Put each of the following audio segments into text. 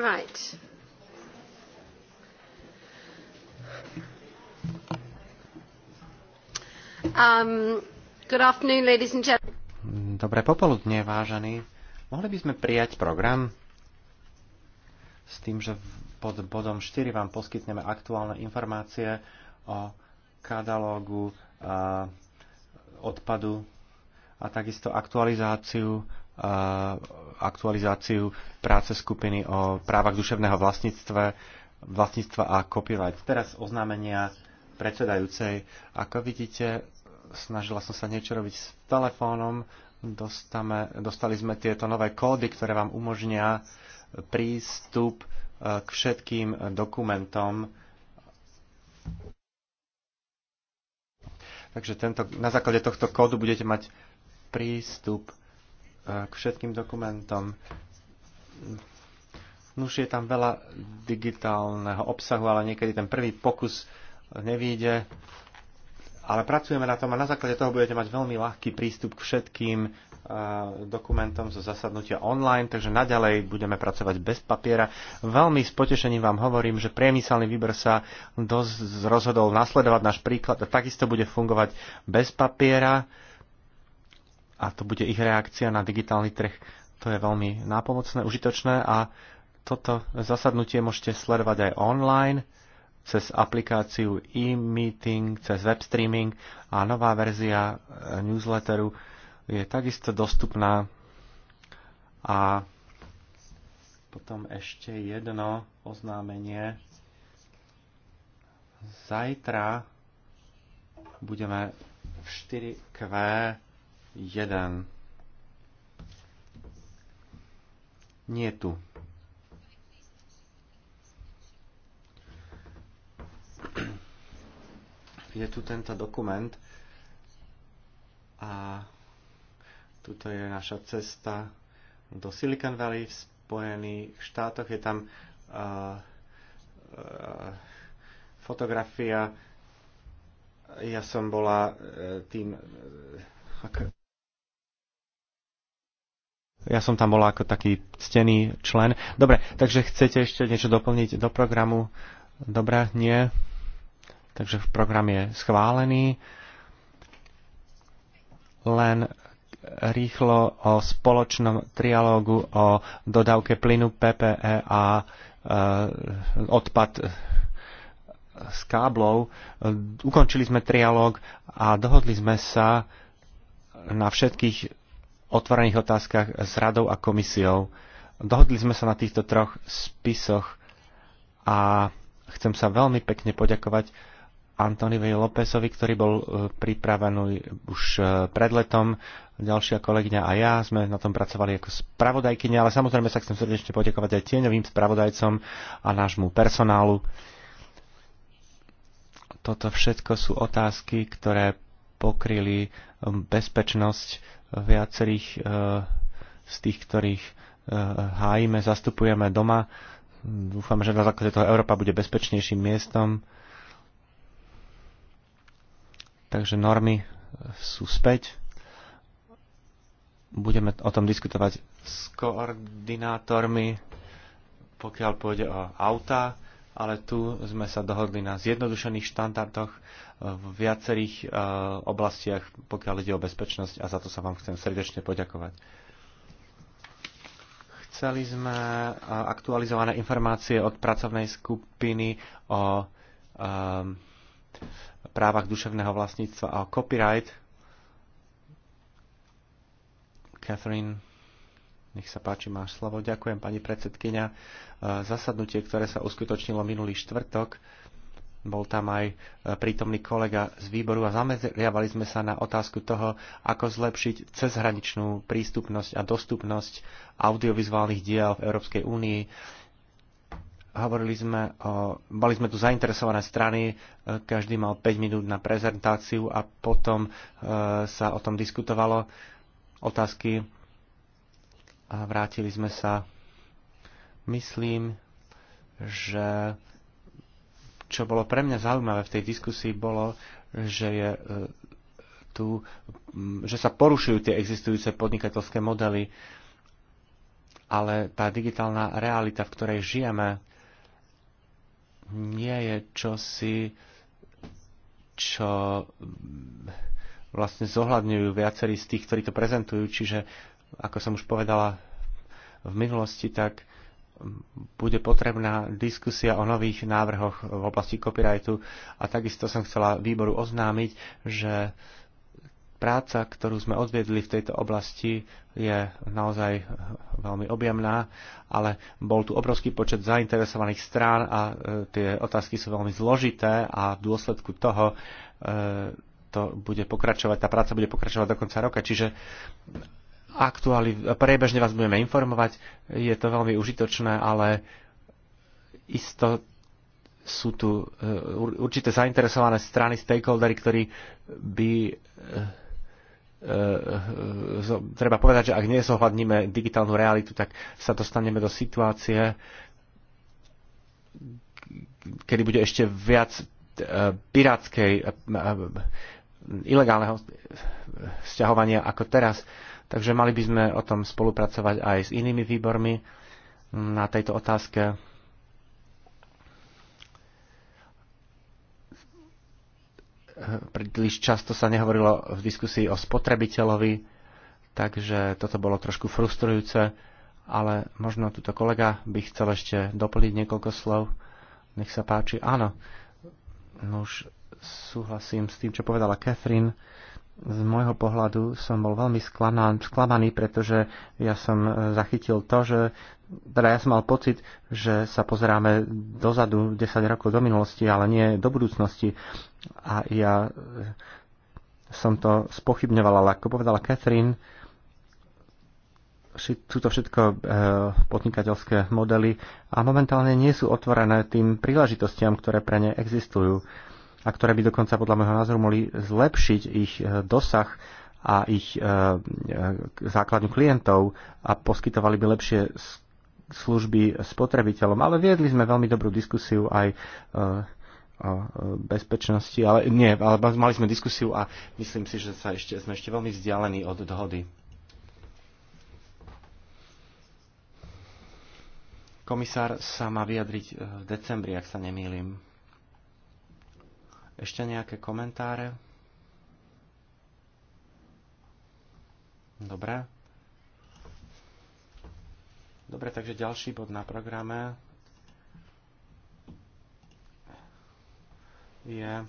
Right. Um, good afternoon, ladies and gentlemen. Dobré popoludne, vážení. Mohli by sme prijať program s tým, že pod bodom 4 vám poskytneme aktuálne informácie o katalógu a, odpadu a takisto aktualizáciu uh, aktualizáciu práce skupiny o právach duševného vlastníctva, vlastníctva a copyright. Teraz oznámenia predsedajúcej. Ako vidíte, snažila som sa niečo robiť s telefónom. Dostame, dostali sme tieto nové kódy, ktoré vám umožnia prístup e, k všetkým dokumentom. Takže tento, na základe tohto kódu budete mať prístup E, k všetkým dokumentom. Už je tam veľa digitálneho obsahu, ale niekedy ten prvý pokus nevíde. Ale pracujeme na tom a na základe toho budete mať veľmi ľahký prístup k všetkým e, dokumentom zo zasadnutia online, takže naďalej budeme pracovať bez papiera. Veľmi s potešením vám hovorím, že priemyselný výber sa dosť rozhodol nasledovať náš príklad a takisto bude fungovať bez papiera a to bude ich reakcia na digitálny trh. To je veľmi nápomocné, užitočné a toto zasadnutie môžete sledovať aj online cez aplikáciu e-meeting, cez web streaming a nová verzia e, newsletteru je takisto dostupná. A potom ešte jedno oznámenie. Zajtra budeme v 4Q 1. Nie tu. Je tu tento dokument a tuto je naša cesta do Silicon Valley v Spojených štátoch. Je tam uh, uh, fotografia. Ja som bola uh, tým... Uh, ja som tam bola ako taký ctený člen. Dobre, takže chcete ešte niečo doplniť do programu? Dobre, nie. Takže program je schválený. Len rýchlo o spoločnom trialógu o dodávke plynu PPE a e, odpad e, s káblov. Ukončili sme trialóg a dohodli sme sa na všetkých otvorených otázkach s radou a komisiou. Dohodli sme sa na týchto troch spisoch a chcem sa veľmi pekne poďakovať Antonivej Lópezovi, ktorý bol e, pripravený už e, pred letom. Ďalšia kolegyňa a ja sme na tom pracovali ako spravodajkyňa, ale samozrejme sa chcem srdečne poďakovať aj tieňovým spravodajcom a nášmu personálu. Toto všetko sú otázky, ktoré pokryli e, bezpečnosť viacerých eh, z tých, ktorých eh, hájime, zastupujeme doma. Dúfam, že na základe toho Európa bude bezpečnejším miestom. Takže normy eh, sú späť. Budeme o tom diskutovať s koordinátormi, pokiaľ pôjde o auta, ale tu sme sa dohodli na zjednodušených štandardoch v viacerých eh, oblastiach, pokiaľ ide o bezpečnosť a za to sa vám chcem srdečne poďakovať. Chceli sme eh, aktualizované informácie od pracovnej skupiny o eh, právach duševného vlastníctva a o copyright. Catherine, nech sa páči, máš slovo. Ďakujem, pani predsedkynia. Zasadnutie, ktoré sa uskutočnilo minulý štvrtok, bol tam aj e, prítomný kolega z výboru a zameriavali sme sa na otázku toho, ako zlepšiť cezhraničnú prístupnosť a dostupnosť audiovizuálnych diel v Európskej únii. Hovorili sme o, mali sme tu zainteresované strany, e, každý mal 5 minút na prezentáciu a potom e, sa o tom diskutovalo otázky a vrátili sme sa. Myslím, že čo bolo pre mňa zaujímavé v tej diskusii bolo, že je e, tu, že sa porušujú tie existujúce podnikateľské modely, ale tá digitálna realita, v ktorej žijeme, nie je čosi, čo vlastne zohľadňujú viacerí z tých, ktorí to prezentujú. Čiže, ako som už povedala v minulosti, tak bude potrebná diskusia o nových návrhoch v oblasti copyrightu a takisto som chcela výboru oznámiť, že práca, ktorú sme odviedli v tejto oblasti, je naozaj veľmi objemná, ale bol tu obrovský počet zainteresovaných strán a e, tie otázky sú veľmi zložité a v dôsledku toho e, to bude pokračovať, tá práca bude pokračovať do konca roka. Čiže aktuáli, prebežne vás budeme informovať, je to veľmi užitočné, ale isto sú tu eh, určité zainteresované strany, stakeholdery, ktorí by eh, eh, treba povedať, že ak nezohľadníme digitálnu realitu, tak sa dostaneme do situácie, kedy bude ešte viac pirátskej, ilegálneho sťahovania ako teraz Takže mali by sme o tom spolupracovať aj s inými výbormi na tejto otázke. Príliš často sa nehovorilo v diskusii o spotrebiteľovi, takže toto bolo trošku frustrujúce, ale možno tuto kolega by chcel ešte doplniť niekoľko slov. Nech sa páči. Áno, no už súhlasím s tým, čo povedala Catherine z môjho pohľadu som bol veľmi sklamaný, pretože ja som e, zachytil to, že teda ja som mal pocit, že sa pozeráme dozadu 10 rokov do minulosti, ale nie do budúcnosti. A ja e, som to spochybňoval, ale ako povedala Catherine, sú to všetko e, podnikateľské modely a momentálne nie sú otvorené tým príležitostiam, ktoré pre ne existujú. E, a ktoré by dokonca podľa môjho názoru mohli zlepšiť ich e, dosah a ich e, e, základňu klientov a poskytovali by lepšie služby spotrebiteľom. Ale viedli sme veľmi dobrú diskusiu aj o bezpečnosti, ale nie, ale mali sme diskusiu a myslím si, že sa ešte, sme ešte veľmi vzdialení od dohody. Komisár sa má vyjadriť v decembri, ak sa nemýlim. Ešte nejaké komentáre? Dobre. Dobre, takže ďalší bod na programe je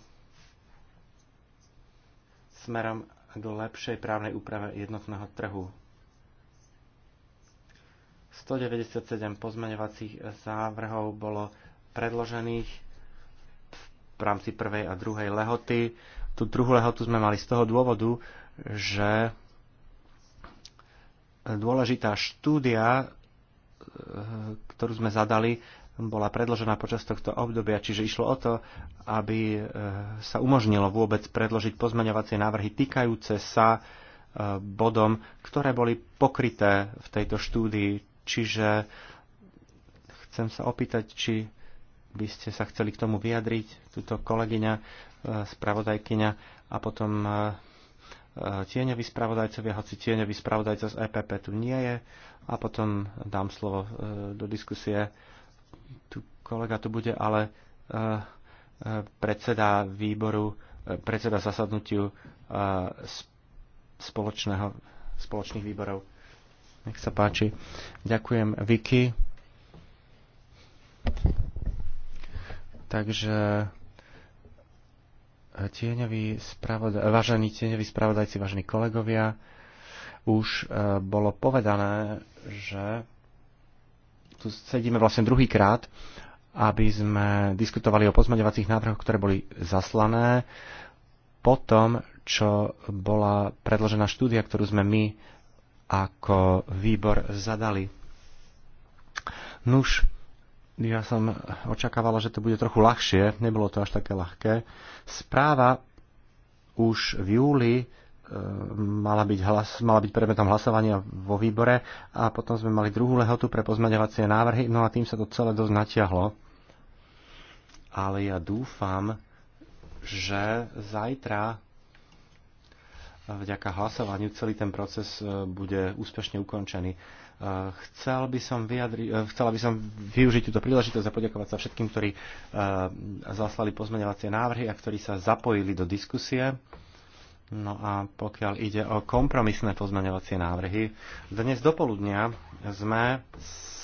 smerom k lepšej právnej úprave jednotného trhu. 197 pozmeňovacích závrhov bolo predložených v rámci prvej a druhej lehoty. Tú druhú lehotu sme mali z toho dôvodu, že dôležitá štúdia, eh, ktorú sme zadali, bola predložená počas tohto obdobia, čiže išlo o to, aby eh, sa umožnilo vôbec predložiť pozmeňovacie návrhy týkajúce sa eh, bodom, ktoré boli pokryté v tejto štúdii. Čiže chcem sa opýtať, či by ste sa chceli k tomu vyjadriť, túto kolegyňa, e, spravodajkyňa a potom e, e, tieňový spravodajcovia, hoci tieňový spravodajca z EPP tu nie je a potom dám slovo do diskusie. Tu kolega tu bude, ale predseda výboru, predseda zasadnutiu spoločného, spoločných výborov. Nech sa páči. Ďakujem, Vicky. Takže eh, tieňoví spravodaj, vážení tieňoví spravodajci, vážení kolegovia, už eh, bolo povedané, že tu sedíme vlastne druhýkrát, aby sme diskutovali o pozmeňovacích návrhoch, ktoré boli zaslané po tom, čo bola predložená štúdia, ktorú sme my ako výbor zadali. Nuž, ja som očakávala, že to bude trochu ľahšie, nebolo to až také ľahké. Správa už v júli e, mala byť, hlas, mala byť predmetom hlasovania vo výbore a potom sme mali druhú lehotu pre pozmeňovacie návrhy, no a tým sa to celé dosť natiahlo. Ale ja dúfam, že zajtra e, vďaka hlasovaniu celý ten proces e, bude úspešne ukončený. Chcel by som vyjadri, e, chcela by som využiť túto príležitosť a poďakovať sa všetkým, ktorí e, zaslali pozmeňovacie návrhy a ktorí sa zapojili do diskusie. No a pokiaľ ide o kompromisné pozmeňovacie návrhy, dnes poludnia sme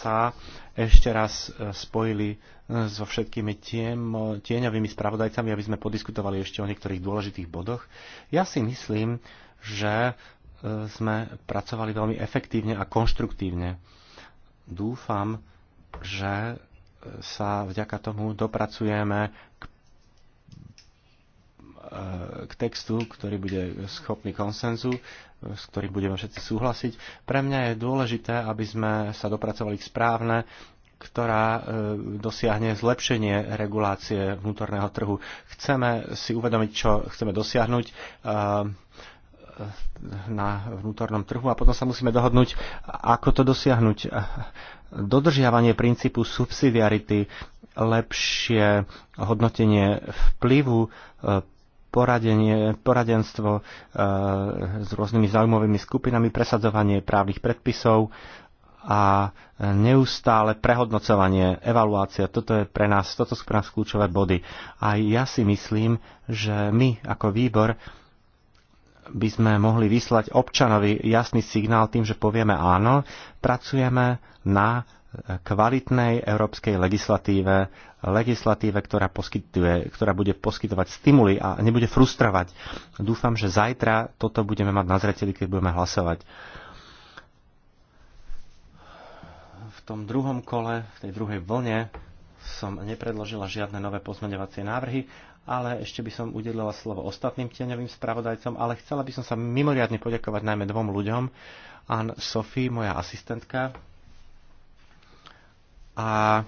sa ešte raz e, spojili so všetkými tiem, tieňovými spravodajcami, aby sme podiskutovali ešte o niektorých dôležitých bodoch. Ja si myslím, že sme pracovali veľmi efektívne a konštruktívne. Dúfam, že sa vďaka tomu dopracujeme k, e, k textu, ktorý bude schopný konsenzu, s ktorým budeme všetci súhlasiť. Pre mňa je dôležité, aby sme sa dopracovali k správne ktorá e, dosiahne zlepšenie regulácie vnútorného trhu. Chceme si uvedomiť, čo chceme dosiahnuť e, na vnútornom trhu a potom sa musíme dohodnúť, ako to dosiahnuť. Dodržiavanie princípu subsidiarity, lepšie hodnotenie vplyvu, poradenie, poradenstvo e, s rôznymi zaujímavými skupinami, presadzovanie právnych predpisov a neustále prehodnocovanie, evaluácia, toto, je pre nás, toto sú pre nás kľúčové body. A ja si myslím, že my ako výbor by sme mohli vyslať občanovi jasný signál tým, že povieme áno, pracujeme na kvalitnej európskej legislatíve, legislatíve, ktorá, poskytuje, ktorá bude poskytovať stimuly a nebude frustrovať. Dúfam, že zajtra toto budeme mať na zreteli, keď budeme hlasovať. V tom druhom kole, v tej druhej vlne som nepredložila žiadne nové pozmeňovacie návrhy ale ešte by som udelila slovo ostatným tieňovým spravodajcom, ale chcela by som sa mimoriadne poďakovať najmä dvom ľuďom. Ann Sophie, moja asistentka. A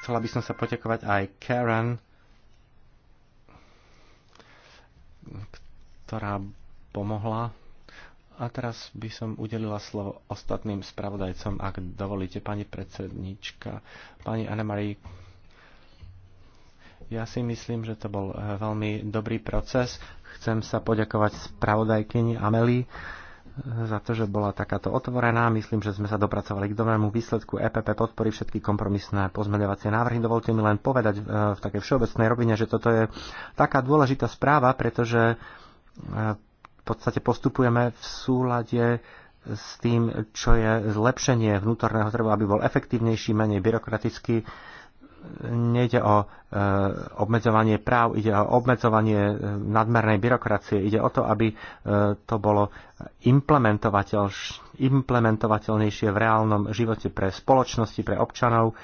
chcela by som sa poďakovať aj Karen, ktorá pomohla. A teraz by som udelila slovo ostatným spravodajcom, ak dovolíte, pani predsednička, pani Anne-Marie ja si myslím, že to bol e, veľmi dobrý proces. Chcem sa poďakovať spravodajkyni Ameli e, za to, že bola takáto otvorená. Myslím, že sme sa dopracovali k dobrému výsledku. EPP podporí všetky kompromisné pozmeľovacie návrhy. Dovolte mi len povedať e, v takej všeobecnej rovine, že toto je taká dôležitá správa, pretože v podstate postupujeme v súlade s tým, čo je zlepšenie vnútorného trhu, aby bol efektívnejší, menej byrokratický nejde o e, obmedzovanie práv, ide o obmedzovanie e, nadmernej byrokracie. Ide o to, aby e, to bolo implementovateľ, implementovateľnejšie v reálnom živote pre spoločnosti, pre občanov e,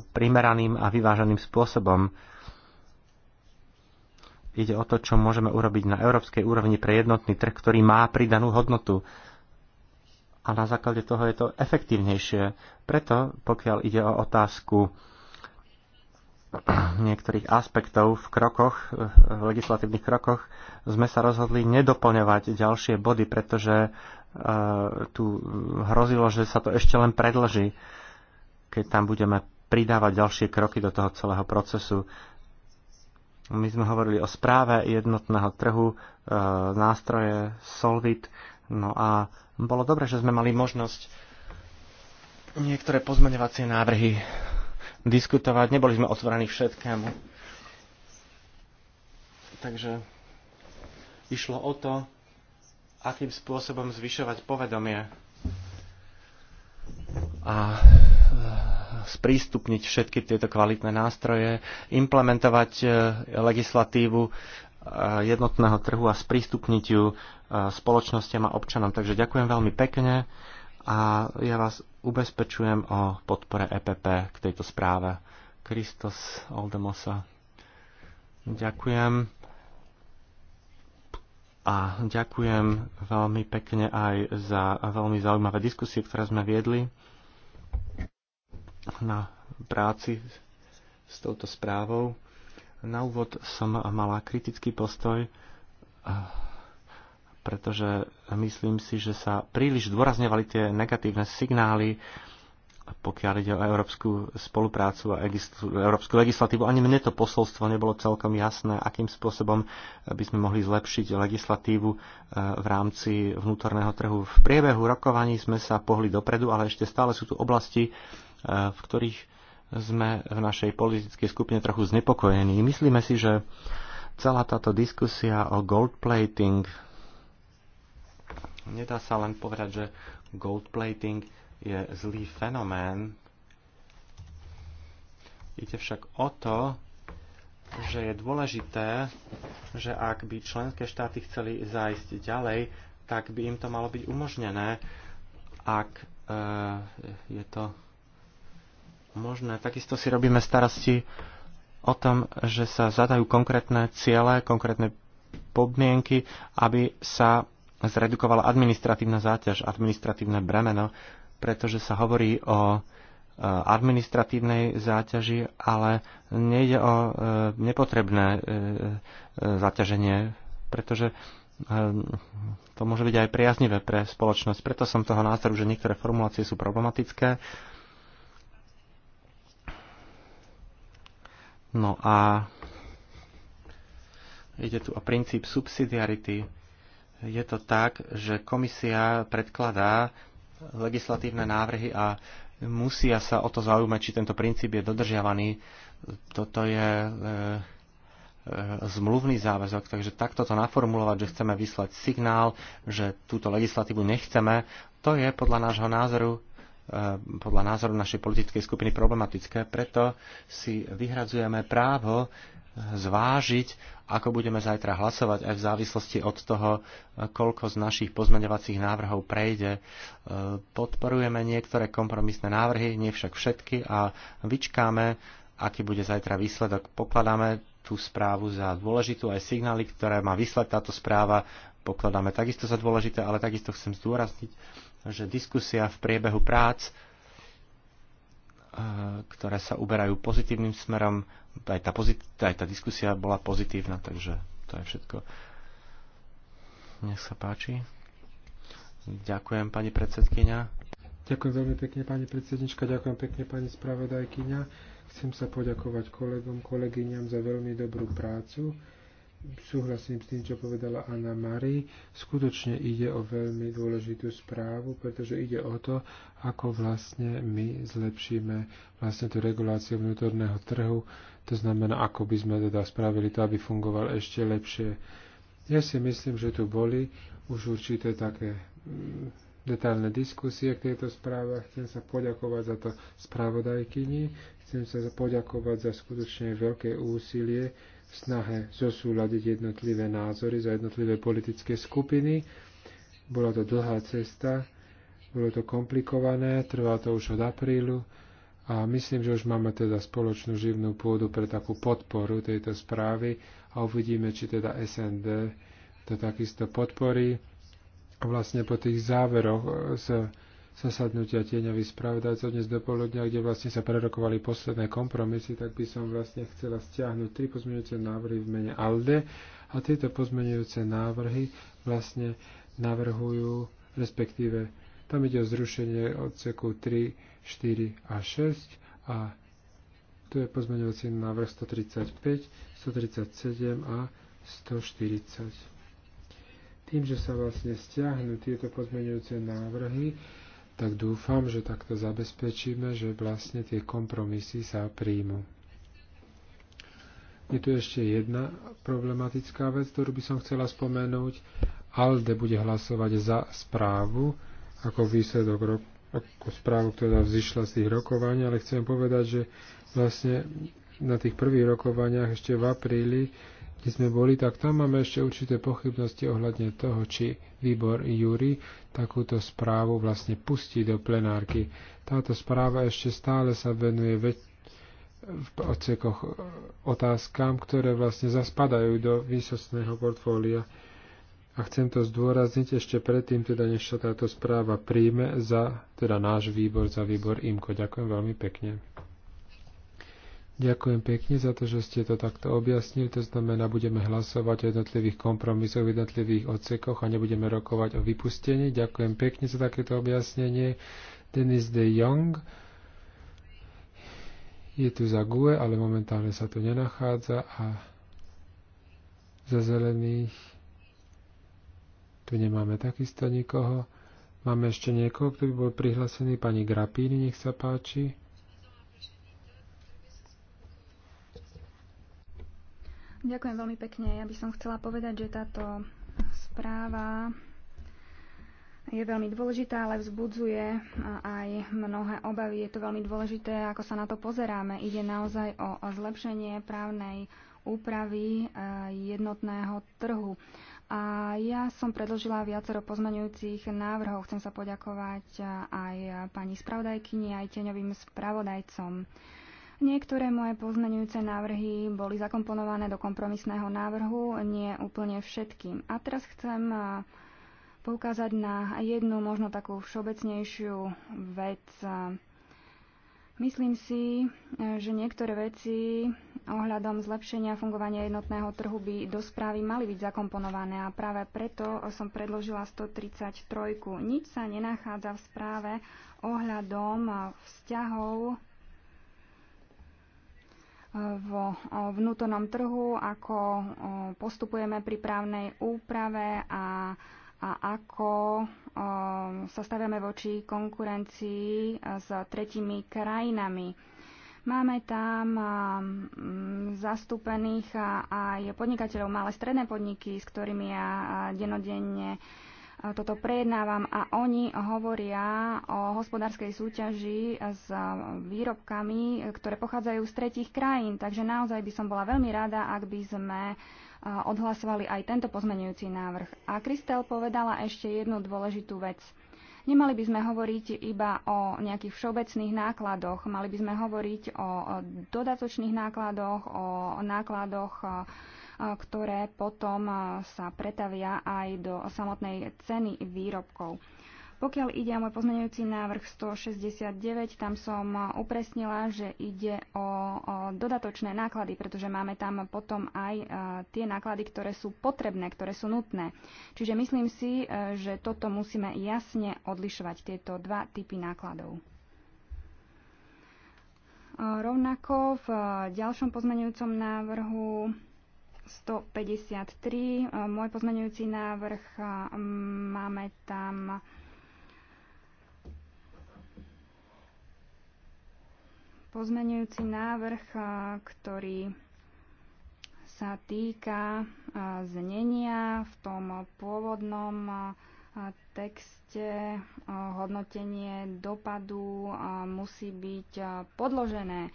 primeraným a vyváženým spôsobom. Ide o to, čo môžeme urobiť na európskej úrovni pre jednotný trh, ktorý má pridanú hodnotu a na základe toho je to efektívnejšie. Preto, pokiaľ ide o otázku niektorých aspektov v krokoch, v legislatívnych krokoch, sme sa rozhodli nedoplňovať ďalšie body, pretože e, tu hrozilo, že sa to ešte len predlží, keď tam budeme pridávať ďalšie kroky do toho celého procesu. My sme hovorili o správe jednotného trhu, e, nástroje Solvit, no a bolo dobre, že sme mali možnosť niektoré pozmeňovacie návrhy diskutovať. Neboli sme otvorení všetkému. Takže išlo o to, akým spôsobom zvyšovať povedomie a e, sprístupniť všetky tieto kvalitné nástroje, implementovať e, legislatívu e, jednotného trhu a sprístupniť ju spoločnosťam a občanom. Takže ďakujem veľmi pekne a ja vás ubezpečujem o podpore EPP k tejto správe. Kristos Oldemosa. Ďakujem. A ďakujem veľmi pekne aj za veľmi zaujímavé diskusie, ktoré sme viedli na práci s touto správou. Na úvod som mala kritický postoj eh, pretože myslím si, že sa príliš dôrazňovali tie negatívne signály, pokiaľ ide o európsku spoluprácu a európsku legislatívu. Ani mne to posolstvo nebolo celkom jasné, akým spôsobom by sme mohli zlepšiť legislatívu e, v rámci vnútorného trhu. V priebehu rokovaní sme sa pohli dopredu, ale ešte stále sú tu oblasti, e, v ktorých sme v našej politickej skupine trochu znepokojení. Myslíme si, že celá táto diskusia o gold plating Nedá sa len povedať, že gold plating je zlý fenomén. Ide však o to, že je dôležité, že ak by členské štáty chceli zájsť ďalej, tak by im to malo byť umožnené, ak e, je to možné. Takisto si robíme starosti o tom, že sa zadajú konkrétne ciele, konkrétne podmienky, aby sa zredukovala administratívna záťaž, administratívne bremeno, pretože sa hovorí o e, administratívnej záťaži, ale nejde o e, nepotrebné e, zaťaženie, pretože to môže byť aj priaznivé pre spoločnosť. Preto som toho názoru, že niektoré formulácie sú problematické. No a ide tu o princíp subsidiarity je to tak, že komisia predkladá legislatívne návrhy a musia sa o to zaujímať, či tento princíp je dodržiavaný. Toto je e, e, zmluvný záväzok, takže takto to naformulovať, že chceme vyslať signál, že túto legislatívu nechceme, to je podľa nášho názoru e, podľa názoru našej politickej skupiny problematické, preto si vyhradzujeme právo zvážiť, ako budeme zajtra hlasovať aj v závislosti od toho, koľko z našich pozmeňovacích návrhov prejde. E, podporujeme niektoré kompromisné návrhy, nie však všetky a vyčkáme, aký bude zajtra výsledok. Pokladáme tú správu za dôležitú aj signály, ktoré má vyslať táto správa. Pokladáme takisto za dôležité, ale takisto chcem zdôrazniť, že diskusia v priebehu prác e, ktoré sa uberajú pozitívnym smerom, aj tá, pozit- aj tá diskusia bola pozitívna, takže to je všetko. Nech sa páči. Ďakujem, pani predsedkynia. Ďakujem veľmi pekne, pani predsednička, ďakujem pekne, pani spravodajkyňa. Chcem sa poďakovať kolegom, kolegyňam za veľmi dobrú prácu. Súhlasím s tým, čo povedala Anna Mari. Skutočne ide o veľmi dôležitú správu, pretože ide o to, ako vlastne my zlepšíme vlastne tú reguláciu vnútorného trhu to znamená, ako by sme teda spravili to, aby fungoval ešte lepšie. Ja si myslím, že tu boli už určité také mm, detailné diskusie k tejto správe. Chcem sa poďakovať za to spravodajkyni. Chcem sa poďakovať za skutočne veľké úsilie v snahe zosúľadiť jednotlivé názory za jednotlivé politické skupiny. Bola to dlhá cesta, bolo to komplikované, trvá to už od aprílu. A myslím, že už máme teda spoločnú živnú pôdu pre takú podporu tejto správy a uvidíme, či teda SND to takisto podporí. Vlastne po tých záveroch e, z zasadnutia tieňových spravodajcov dnes do poludnia, kde vlastne sa prerokovali posledné kompromisy, tak by som vlastne chcela stiahnuť tri pozmeňujúce návrhy v mene ALDE a tieto pozmeňujúce návrhy vlastne navrhujú, respektíve tam ide o zrušenie odseku 3 4 a 6 a to je pozmeňovací návrh 135, 137 a 140. Tým, že sa vlastne stiahnu tieto pozmeňujúce návrhy, tak dúfam, že takto zabezpečíme, že vlastne tie kompromisy sa príjmu. Je tu ešte jedna problematická vec, ktorú by som chcela spomenúť. ALDE bude hlasovať za správu ako výsledok roku ako správu, ktorá vzýšla z tých rokovaní, ale chcem povedať, že vlastne na tých prvých rokovaniach ešte v apríli, kde sme boli, tak tam máme ešte určité pochybnosti ohľadne toho, či výbor Júri takúto správu vlastne pustí do plenárky. Táto správa ešte stále sa venuje väč- v odsekoch eh, otázkam, ktoré vlastne zaspadajú do výsostného portfólia a chcem to zdôrazniť ešte predtým, teda než sa táto správa príjme za teda náš výbor, za výbor IMKO. Ďakujem veľmi pekne. Ďakujem pekne za to, že ste to takto objasnili. To znamená, budeme hlasovať o jednotlivých kompromisoch, v jednotlivých odsekoch a nebudeme rokovať o vypustení. Ďakujem pekne za takéto objasnenie. Denis de Jong je tu za GUE, ale momentálne sa tu nenachádza a za zelených tu nemáme takisto nikoho. Máme ešte niekoho, kto by bol prihlásený. Pani Grapíny, nech sa páči. Ďakujem veľmi pekne. Ja by som chcela povedať, že táto správa je veľmi dôležitá, ale vzbudzuje aj mnohé obavy. Je to veľmi dôležité, ako sa na to pozeráme. Ide naozaj o zlepšenie právnej úpravy jednotného trhu. A ja som predložila viacero pozmeňujúcich návrhov. Chcem sa poďakovať aj pani spravodajkyni, aj teňovým spravodajcom. Niektoré moje pozmeňujúce návrhy boli zakomponované do kompromisného návrhu, nie úplne všetkým. A teraz chcem poukázať na jednu možno takú všeobecnejšiu vec. Myslím si, eh, že niektoré veci ohľadom zlepšenia fungovania jednotného trhu by do správy mali byť zakomponované a práve preto som predložila 133. Nič sa nenachádza v správe ohľadom eh, vzťahov eh, vo vnútornom trhu, ako postupujeme pri právnej úprave a a ako um, sa staviame voči konkurencii uh, s tretimi krajinami. Máme tam um, zastúpených uh, aj podnikateľov, malé stredné podniky, s ktorými ja uh, denodenne toto prejednávam a oni hovoria o hospodárskej súťaži s výrobkami, ktoré pochádzajú z tretich krajín. Takže naozaj by som bola veľmi rada, ak by sme odhlasovali aj tento pozmenujúci návrh. A Kristel povedala ešte jednu dôležitú vec. Nemali by sme hovoriť iba o nejakých všeobecných nákladoch, mali by sme hovoriť o dodatočných nákladoch, o nákladoch, ktoré potom sa pretavia aj do samotnej ceny výrobkov. Pokiaľ ide o môj pozmeňujúci návrh 169, tam som upresnila, že ide o, dodatočné náklady, pretože máme tam potom aj e, tie náklady, ktoré sú potrebné, ktoré sú nutné. Čiže myslím si, e, že toto musíme jasne odlišovať, tieto dva typy nákladov. E, rovnako v ďalšom pozmeňujúcom návrhu 153, môj pozmeňujúci návrh, máme tam pozmenujúci návrh, ktorý sa týka znenia v tom pôvodnom texte hodnotenie dopadu musí byť podložené.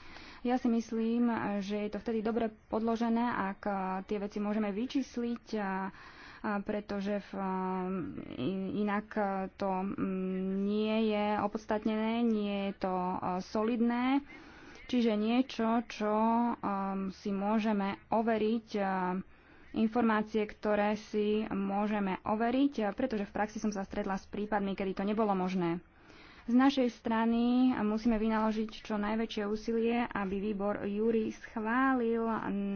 Ja si myslím, že je to vtedy dobre podložené, ak tie veci môžeme vyčísliť pretože v, inak to nie je opodstatnené, nie je to solidné. Čiže niečo, čo si môžeme overiť, informácie, ktoré si môžeme overiť, pretože v praxi som sa stretla s prípadmi, kedy to nebolo možné. Z našej strany musíme vynaložiť čo najväčšie úsilie, aby výbor Júri schválil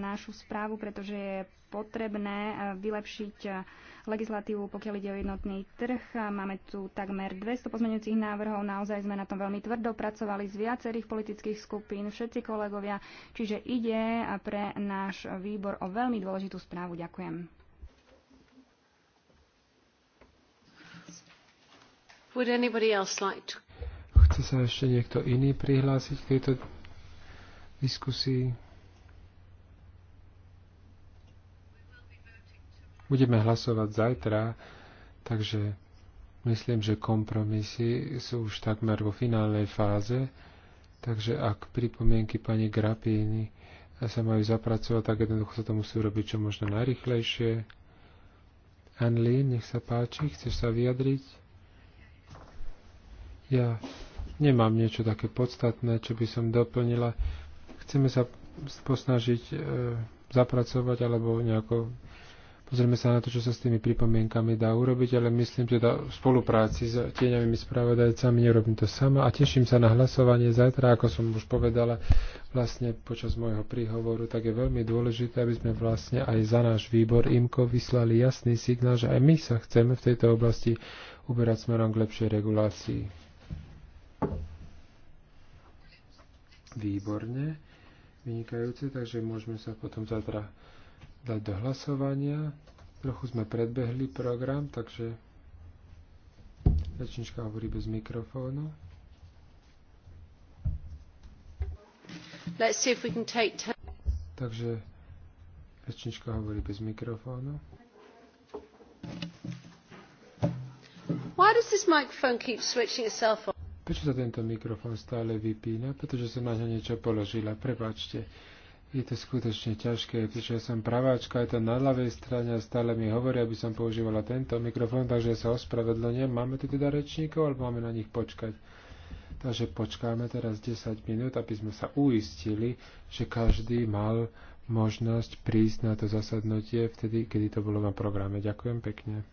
našu správu, pretože je potrebné eh, vylepšiť eh, legislatívu, pokiaľ ide o jednotný trh. Máme tu takmer 200 pozmeňujúcich návrhov, naozaj sme na tom veľmi tvrdo pracovali z viacerých politických skupín, všetci kolegovia, čiže ide eh, pre náš výbor o veľmi dôležitú správu. Ďakujem. Would anybody else like to? Chce sa ešte niekto iný prihlásiť k tejto diskusii? Budeme hlasovať zajtra, takže myslím, že kompromisy sú už takmer vo finálnej fáze, takže ak pripomienky pani Grapíny sa majú zapracovať, tak jednoducho sa to musí urobiť čo možno najrychlejšie. Anlín, nech sa páči, chceš sa vyjadriť? Ja nemám niečo také podstatné, čo by som doplnila. Chceme sa posnažiť e, zapracovať alebo nejako pozrieme sa na to, čo sa s tými pripomienkami dá urobiť, ale myslím teda v spolupráci s tieňovými spravodajcami nerobím to sama a teším sa na hlasovanie zajtra, ako som už povedala vlastne počas môjho príhovoru, tak je veľmi dôležité, aby sme vlastne aj za náš výbor IMKO vyslali jasný signál, že aj my sa chceme v tejto oblasti uberať smerom k lepšej regulácii. Výborne, vynikajúce, takže môžeme sa potom zatra dať do hlasovania. Trochu sme predbehli program, takže rečnička hovorí bez mikrofónu. Let's see if we can take takže rečnička hovorí bez mikrofónu. Why does this microphone keep switching itself on? Prečo sa tento mikrofón stále vypína? Pretože som na ňo niečo položila. Prepačte. Je to skutočne ťažké, pretože ja som praváčka, je to na ľavej strane a stále mi hovoria, aby som používala tento mikrofón, takže sa ospravedlňujem. Máme tu teda rečníkov, alebo máme na nich počkať? Takže počkáme teraz 10 minút, aby sme sa uistili, že každý mal možnosť prísť na to zasadnutie vtedy, kedy to bolo na programe. Ďakujem pekne.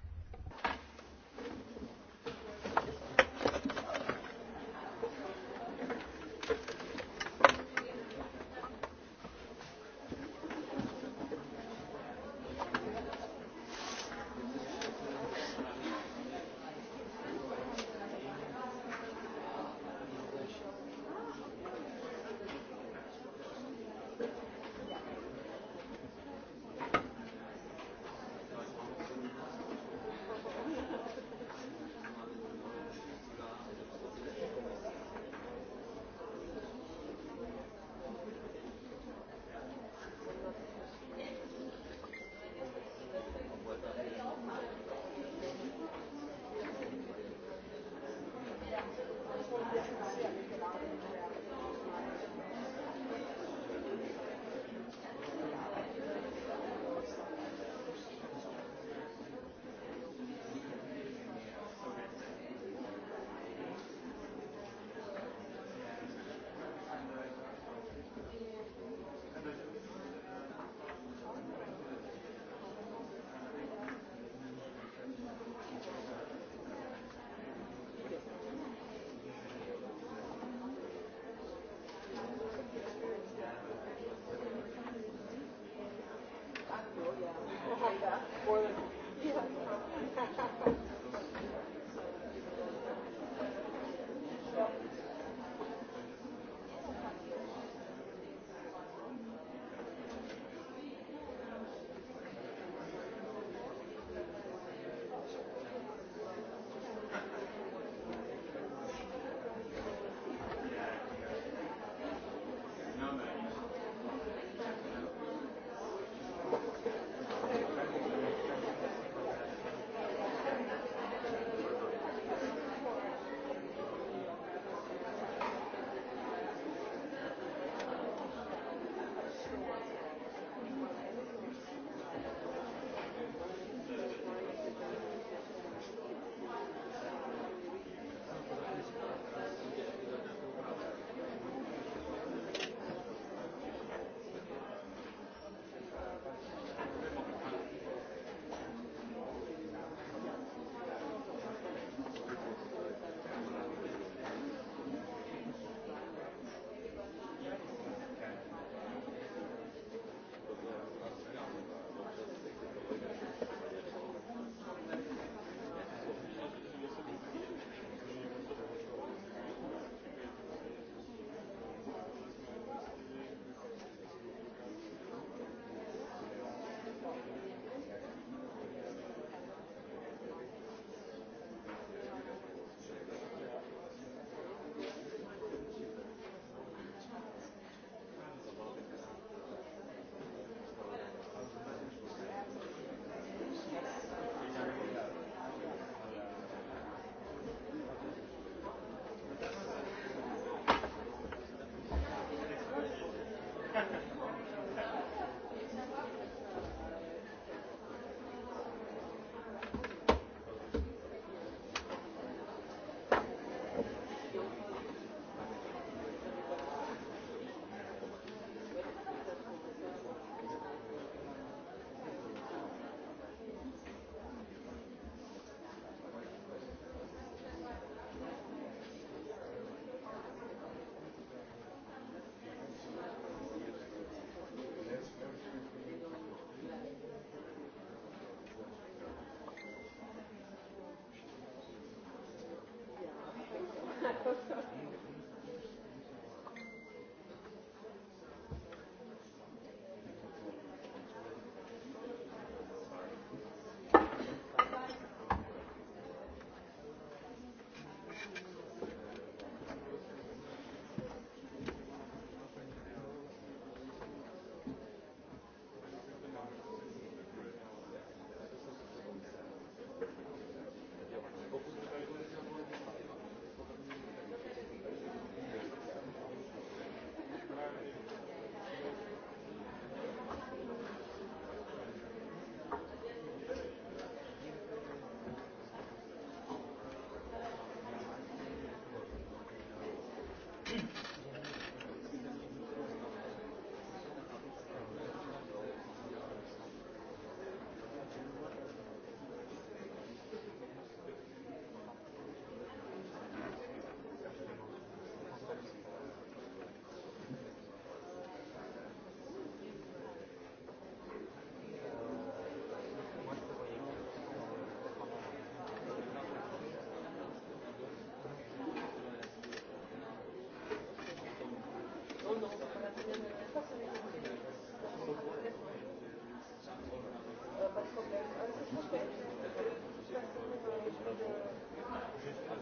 spoiler.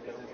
Juste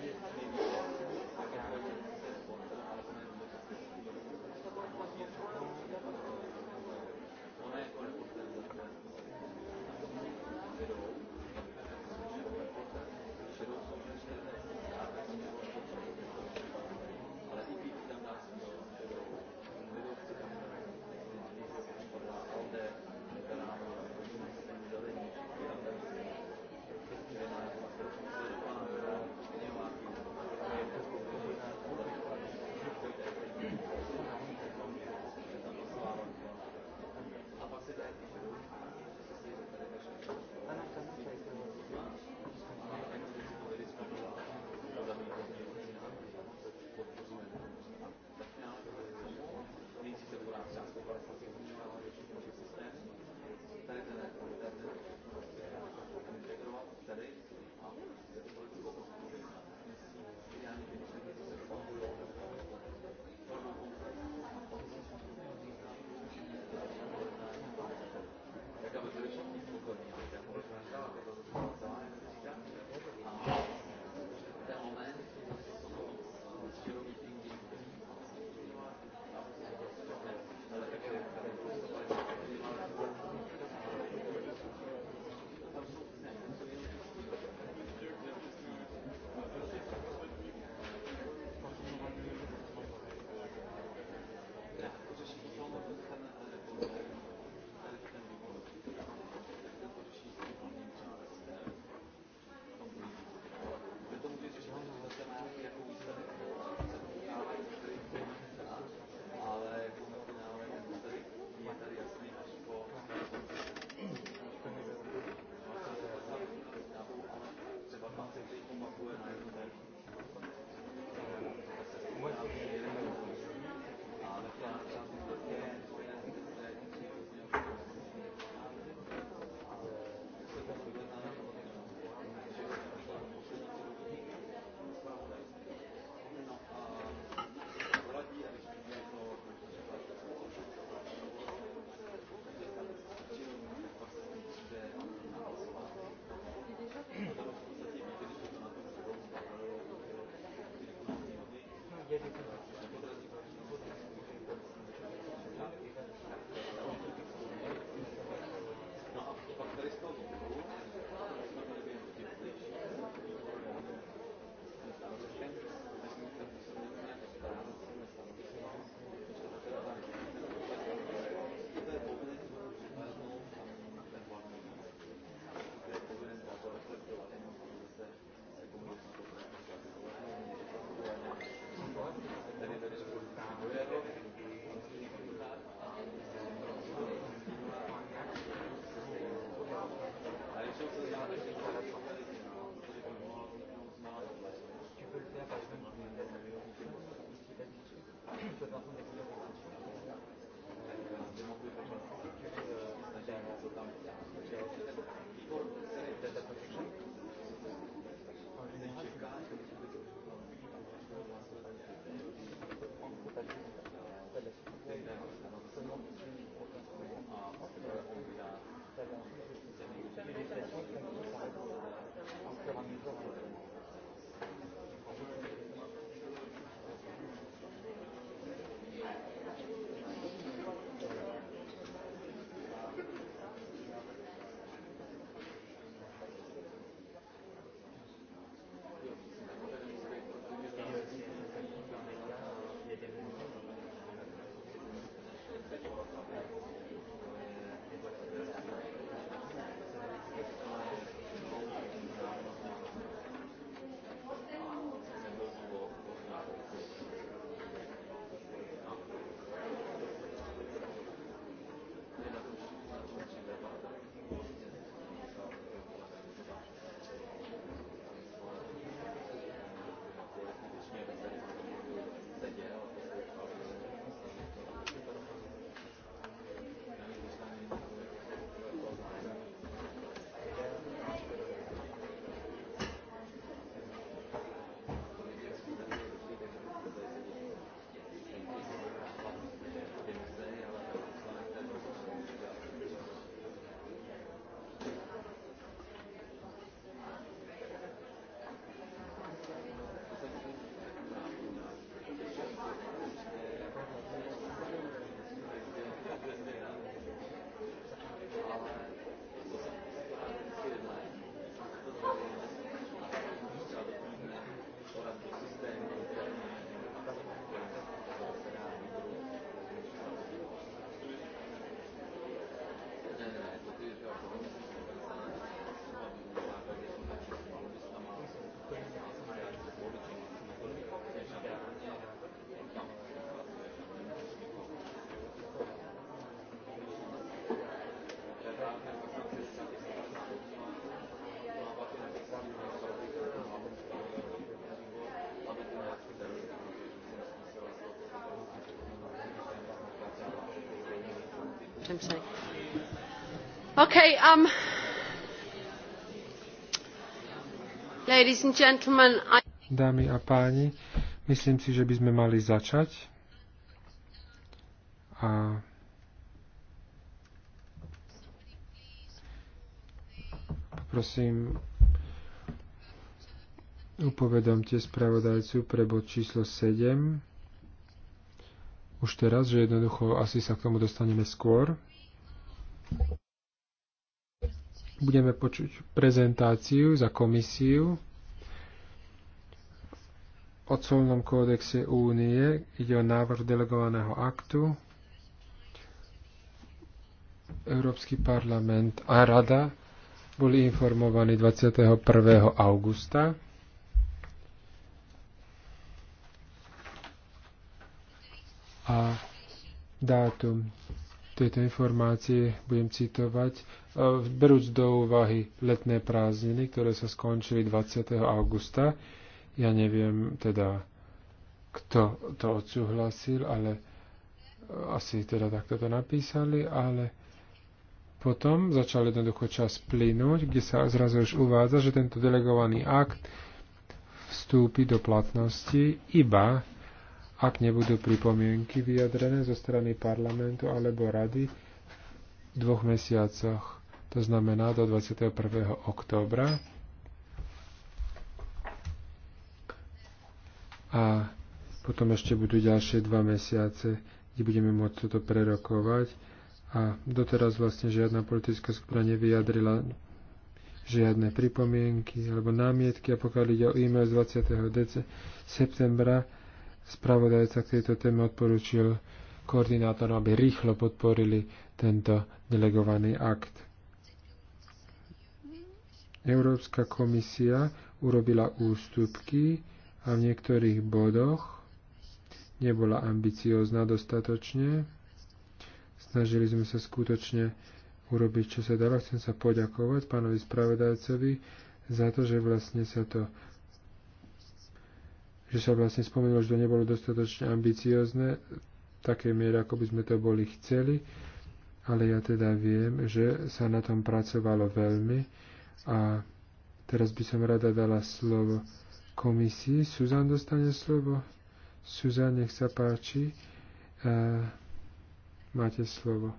Ďakujem. povedať. minutes, de façon d'expliquer. Okay, um, ladies and gentlemen, I... Dámy a páni, myslím si, že by sme mali začať. A prosím, upovedomte spravodajcu pre bod číslo 7 už teraz, že jednoducho asi sa k tomu dostaneme skôr. Budeme počuť prezentáciu za komisiu o colnom kódexe únie. Ide o návrh delegovaného aktu. Európsky parlament a rada boli informovaní 21. augusta a dátum tejto informácie budem citovať, e, berúc do úvahy letné prázdniny, ktoré sa skončili 20. augusta. Ja neviem teda, kto to odsúhlasil, ale e, asi teda takto to napísali, ale potom začal jednoducho čas plynúť, kde sa zrazu už uvádza, že tento delegovaný akt vstúpi do platnosti iba ak nebudú pripomienky vyjadrené zo strany parlamentu alebo rady v dvoch mesiacoch, to znamená do 21. októbra, a potom ešte budú ďalšie dva mesiace, kde budeme môcť toto prerokovať. A doteraz vlastne žiadna politická skupina nevyjadrila žiadne pripomienky alebo námietky a pokiaľ ide o e-mail z 20. septembra, Spravodajca k tejto téme odporučil koordinátorom, aby rýchlo podporili tento delegovaný akt. Európska komisia urobila ústupky a v niektorých bodoch nebola ambiciózna dostatočne. Snažili sme sa skutočne urobiť, čo sa dalo. Chcem sa poďakovať pánovi spravodajcovi za to, že vlastne sa to že sa vlastne spomenulo, že to nebolo dostatočne ambiciozne v takej miere, ako by sme to boli chceli, ale ja teda viem, že sa na tom pracovalo veľmi a teraz by som rada dala slovo komisii. Suzan dostane slovo. Suzan, nech sa páči. Uh, máte slovo.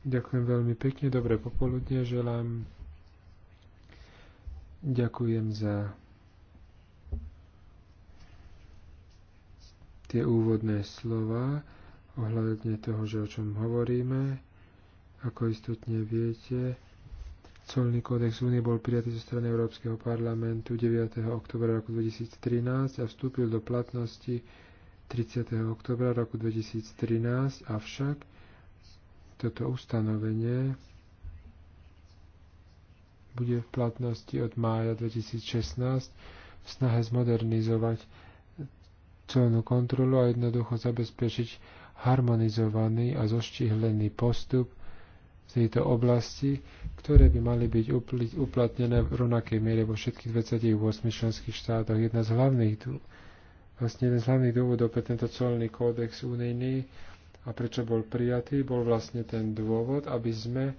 Ďakujem veľmi pekne, dobré popoludne želám. Ďakujem za tie úvodné slova ohľadne toho, že o čom hovoríme. Ako istotne viete, colný kódex únie bol prijatý zo strany Európskeho parlamentu 9. oktobra roku 2013 a vstúpil do platnosti 30. oktobra roku 2013, avšak toto ustanovenie bude v platnosti od mája 2016 v snahe zmodernizovať celnú kontrolu a jednoducho zabezpečiť harmonizovaný a zoštihlený postup v tejto oblasti, ktoré by mali byť uplatnené v rovnakej miere vo všetkých 28 členských štátoch. Jedna z hlavných, vlastne jeden z hlavných dôvodov pre tento celný kódex unijný a prečo bol prijatý, bol vlastne ten dôvod, aby sme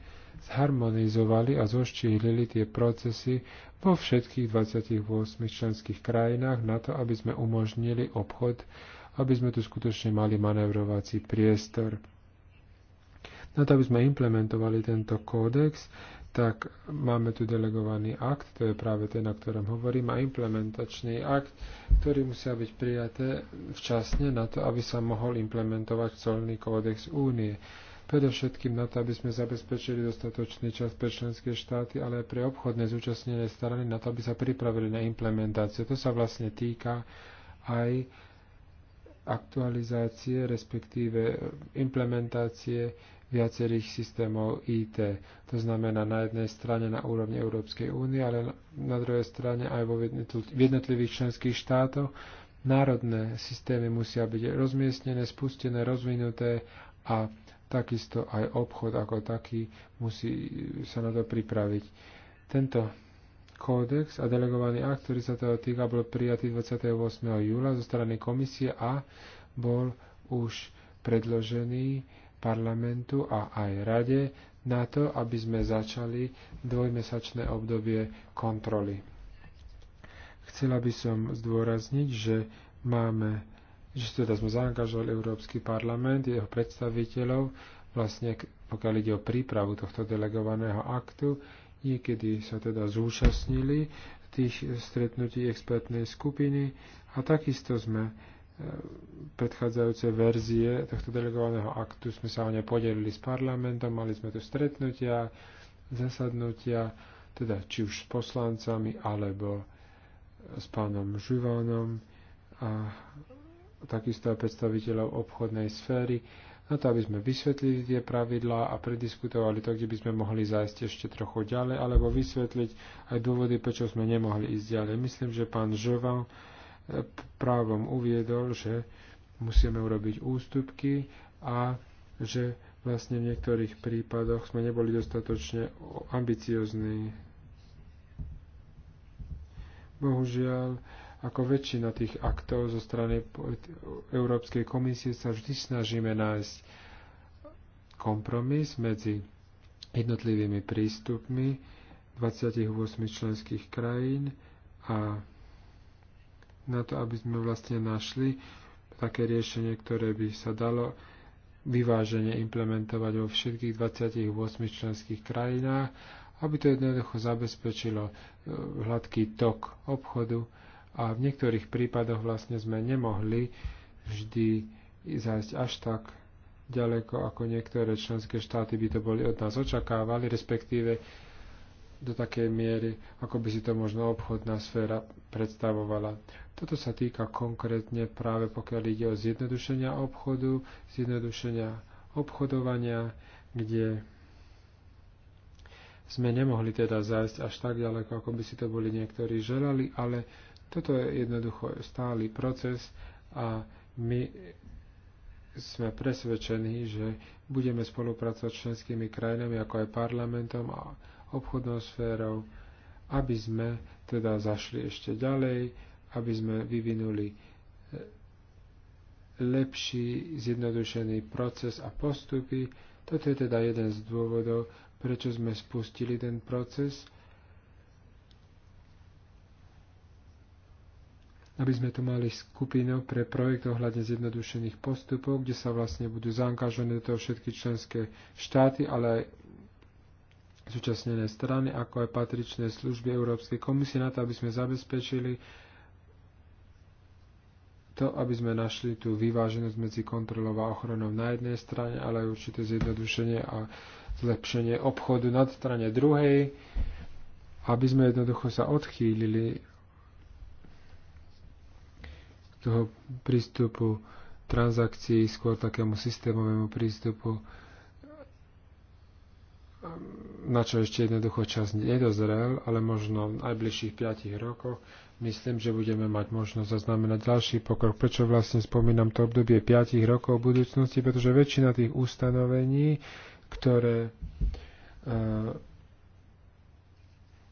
zharmonizovali a zoštíhlili tie procesy vo všetkých 28 členských krajinách na to, aby sme umožnili obchod, aby sme tu skutočne mali manevrovací priestor. Na to, aby sme implementovali tento kódex, tak máme tu delegovaný akt, to je práve ten, o ktorom hovorím, a implementačný akt, ktorý musia byť prijaté včasne na to, aby sa mohol implementovať celný kódex únie. Predovšetkým na to, aby sme zabezpečili dostatočný čas pre členské štáty, ale aj pre obchodné zúčastnené strany na to, aby sa pripravili na implementáciu. To sa vlastne týka aj aktualizácie, respektíve implementácie viacerých systémov IT. To znamená na jednej strane na úrovni Európskej únie, ale na druhej strane aj vo jednotlivých členských štátoch. Národné systémy musia byť rozmiestnené, spustené, rozvinuté a takisto aj obchod ako taký musí sa na to pripraviť. Tento kódex a delegovaný akt, ktorý sa toho týka, bol prijatý 28. júla zo strany komisie a bol už predložený parlamentu a aj rade na to, aby sme začali dvojmesačné obdobie kontroly. Chcela by som zdôrazniť, že máme, že teda sme zaangažovali Európsky parlament, jeho predstaviteľov, vlastne pokiaľ ide o prípravu tohto delegovaného aktu, niekedy sa teda zúčastnili tých stretnutí expertnej skupiny a takisto sme predchádzajúce verzie tohto delegovaného aktu sme sa o ne podelili s parlamentom, mali sme tu stretnutia, zasadnutia, teda či už s poslancami alebo s pánom Žuvánom a takisto aj predstaviteľov obchodnej sféry, na to, aby sme vysvetlili tie pravidlá a prediskutovali to, kde by sme mohli zájsť ešte trochu ďalej, alebo vysvetliť aj dôvody, prečo sme nemohli ísť ďalej. Myslím, že pán Žovan právom uviedol, že musíme urobiť ústupky a že vlastne v niektorých prípadoch sme neboli dostatočne ambiciozní. Bohužiaľ, ako väčšina tých aktov zo strany Európskej komisie sa vždy snažíme nájsť kompromis medzi jednotlivými prístupmi 28 členských krajín a na to, aby sme vlastne našli také riešenie, ktoré by sa dalo vyvážene implementovať vo všetkých 28 členských krajinách, aby to jednoducho zabezpečilo e, hladký tok obchodu a v niektorých prípadoch vlastne sme nemohli vždy zájsť až tak ďaleko, ako niektoré členské štáty by to boli od nás očakávali, respektíve do takej miery, ako by si to možno obchodná sféra predstavovala. Toto sa týka konkrétne práve pokiaľ ide o zjednodušenia obchodu, zjednodušenia obchodovania, kde sme nemohli teda zájsť až tak ďaleko, ako by si to boli niektorí želali, ale toto je jednoducho stály proces a my sme presvedčení, že budeme spolupracovať s členskými krajinami, ako aj parlamentom a obchodnou sférou, aby sme teda zašli ešte ďalej, aby sme vyvinuli e, lepší, zjednodušený proces a postupy. Toto je teda jeden z dôvodov, prečo sme spustili ten proces, aby sme tu mali skupinu pre projekt ohľadne zjednodušených postupov, kde sa vlastne budú zaangažované do toho všetky členské štáty, ale aj zúčastnené strany, ako aj patričné služby Európskej komisie na to, aby sme zabezpečili to, aby sme našli tú vyváženosť medzi kontrolou a ochranou na jednej strane, ale aj určité zjednodušenie a zlepšenie obchodu na strane druhej, aby sme jednoducho sa odchýlili toho prístupu transakcií skôr takému systémovému prístupu na čo ešte jednoducho čas nedozrel, ale možno v najbližších 5 rokoch, myslím, že budeme mať možnosť zaznamenať ďalší pokrok. Prečo vlastne spomínam to obdobie 5 rokov v budúcnosti? Pretože väčšina tých ustanovení, ktoré uh,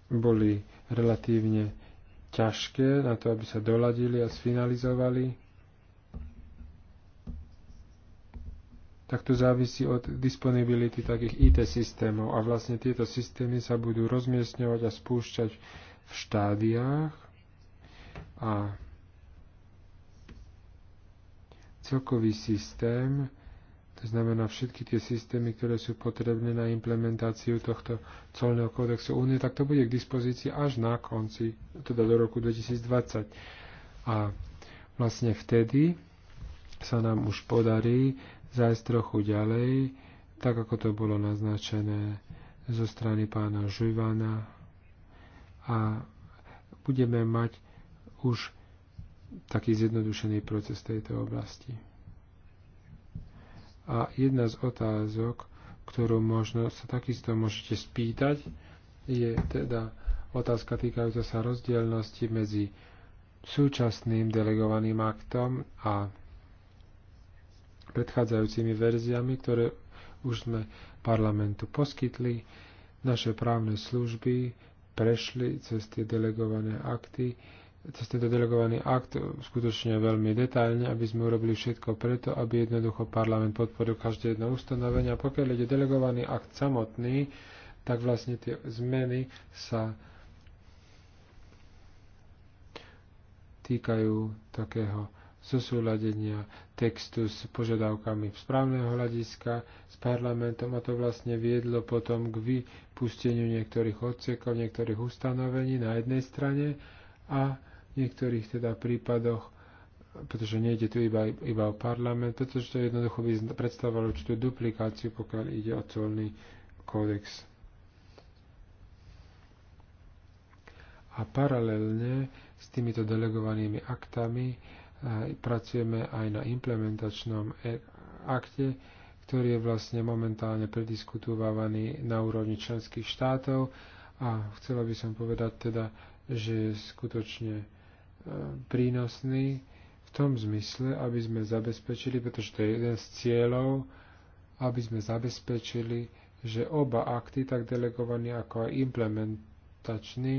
boli relatívne ťažké na to, aby sa doladili a sfinalizovali, tak to závisí od disponibility takých IT systémov a vlastne tieto systémy sa budú rozmiestňovať a spúšťať v štádiách a celkový systém, to znamená všetky tie systémy, ktoré sú potrebné na implementáciu tohto colného kódexu únie, tak to bude k dispozícii až na konci, teda do roku 2020. A vlastne vtedy sa nám už podarí zájsť trochu ďalej, tak ako to bolo naznačené zo strany pána Živana a budeme mať už taký zjednodušený proces tejto oblasti. A jedna z otázok, ktorú možno sa takisto môžete spýtať, je teda otázka týkajúca sa rozdielnosti medzi súčasným delegovaným aktom a predchádzajúcimi verziami, ktoré už sme parlamentu poskytli. Naše právne služby prešli cez tie delegované akty, cez tento delegovaný akt skutočne veľmi detailne, aby sme urobili všetko preto, aby jednoducho parlament podporil každé jedno ustanovenie. A pokiaľ ide delegovaný akt samotný, tak vlastne tie zmeny sa týkajú takého zosúladenia textu s požiadavkami správneho hľadiska s parlamentom a to vlastne viedlo potom k vypusteniu niektorých odsekov, niektorých ustanovení na jednej strane a v niektorých teda prípadoch pretože nejde tu iba, iba o parlament, pretože to jednoducho by predstavovalo určitú duplikáciu, pokiaľ ide o colný kódex. A paralelne s týmito delegovanými aktami pracujeme aj na implementačnom e- akte, ktorý je vlastne momentálne prediskutovávaný na úrovni členských štátov a chcela by som povedať teda, že je skutočne e, prínosný v tom zmysle, aby sme zabezpečili, pretože to je jeden z cieľov, aby sme zabezpečili, že oba akty, tak delegovaný ako aj implementačný,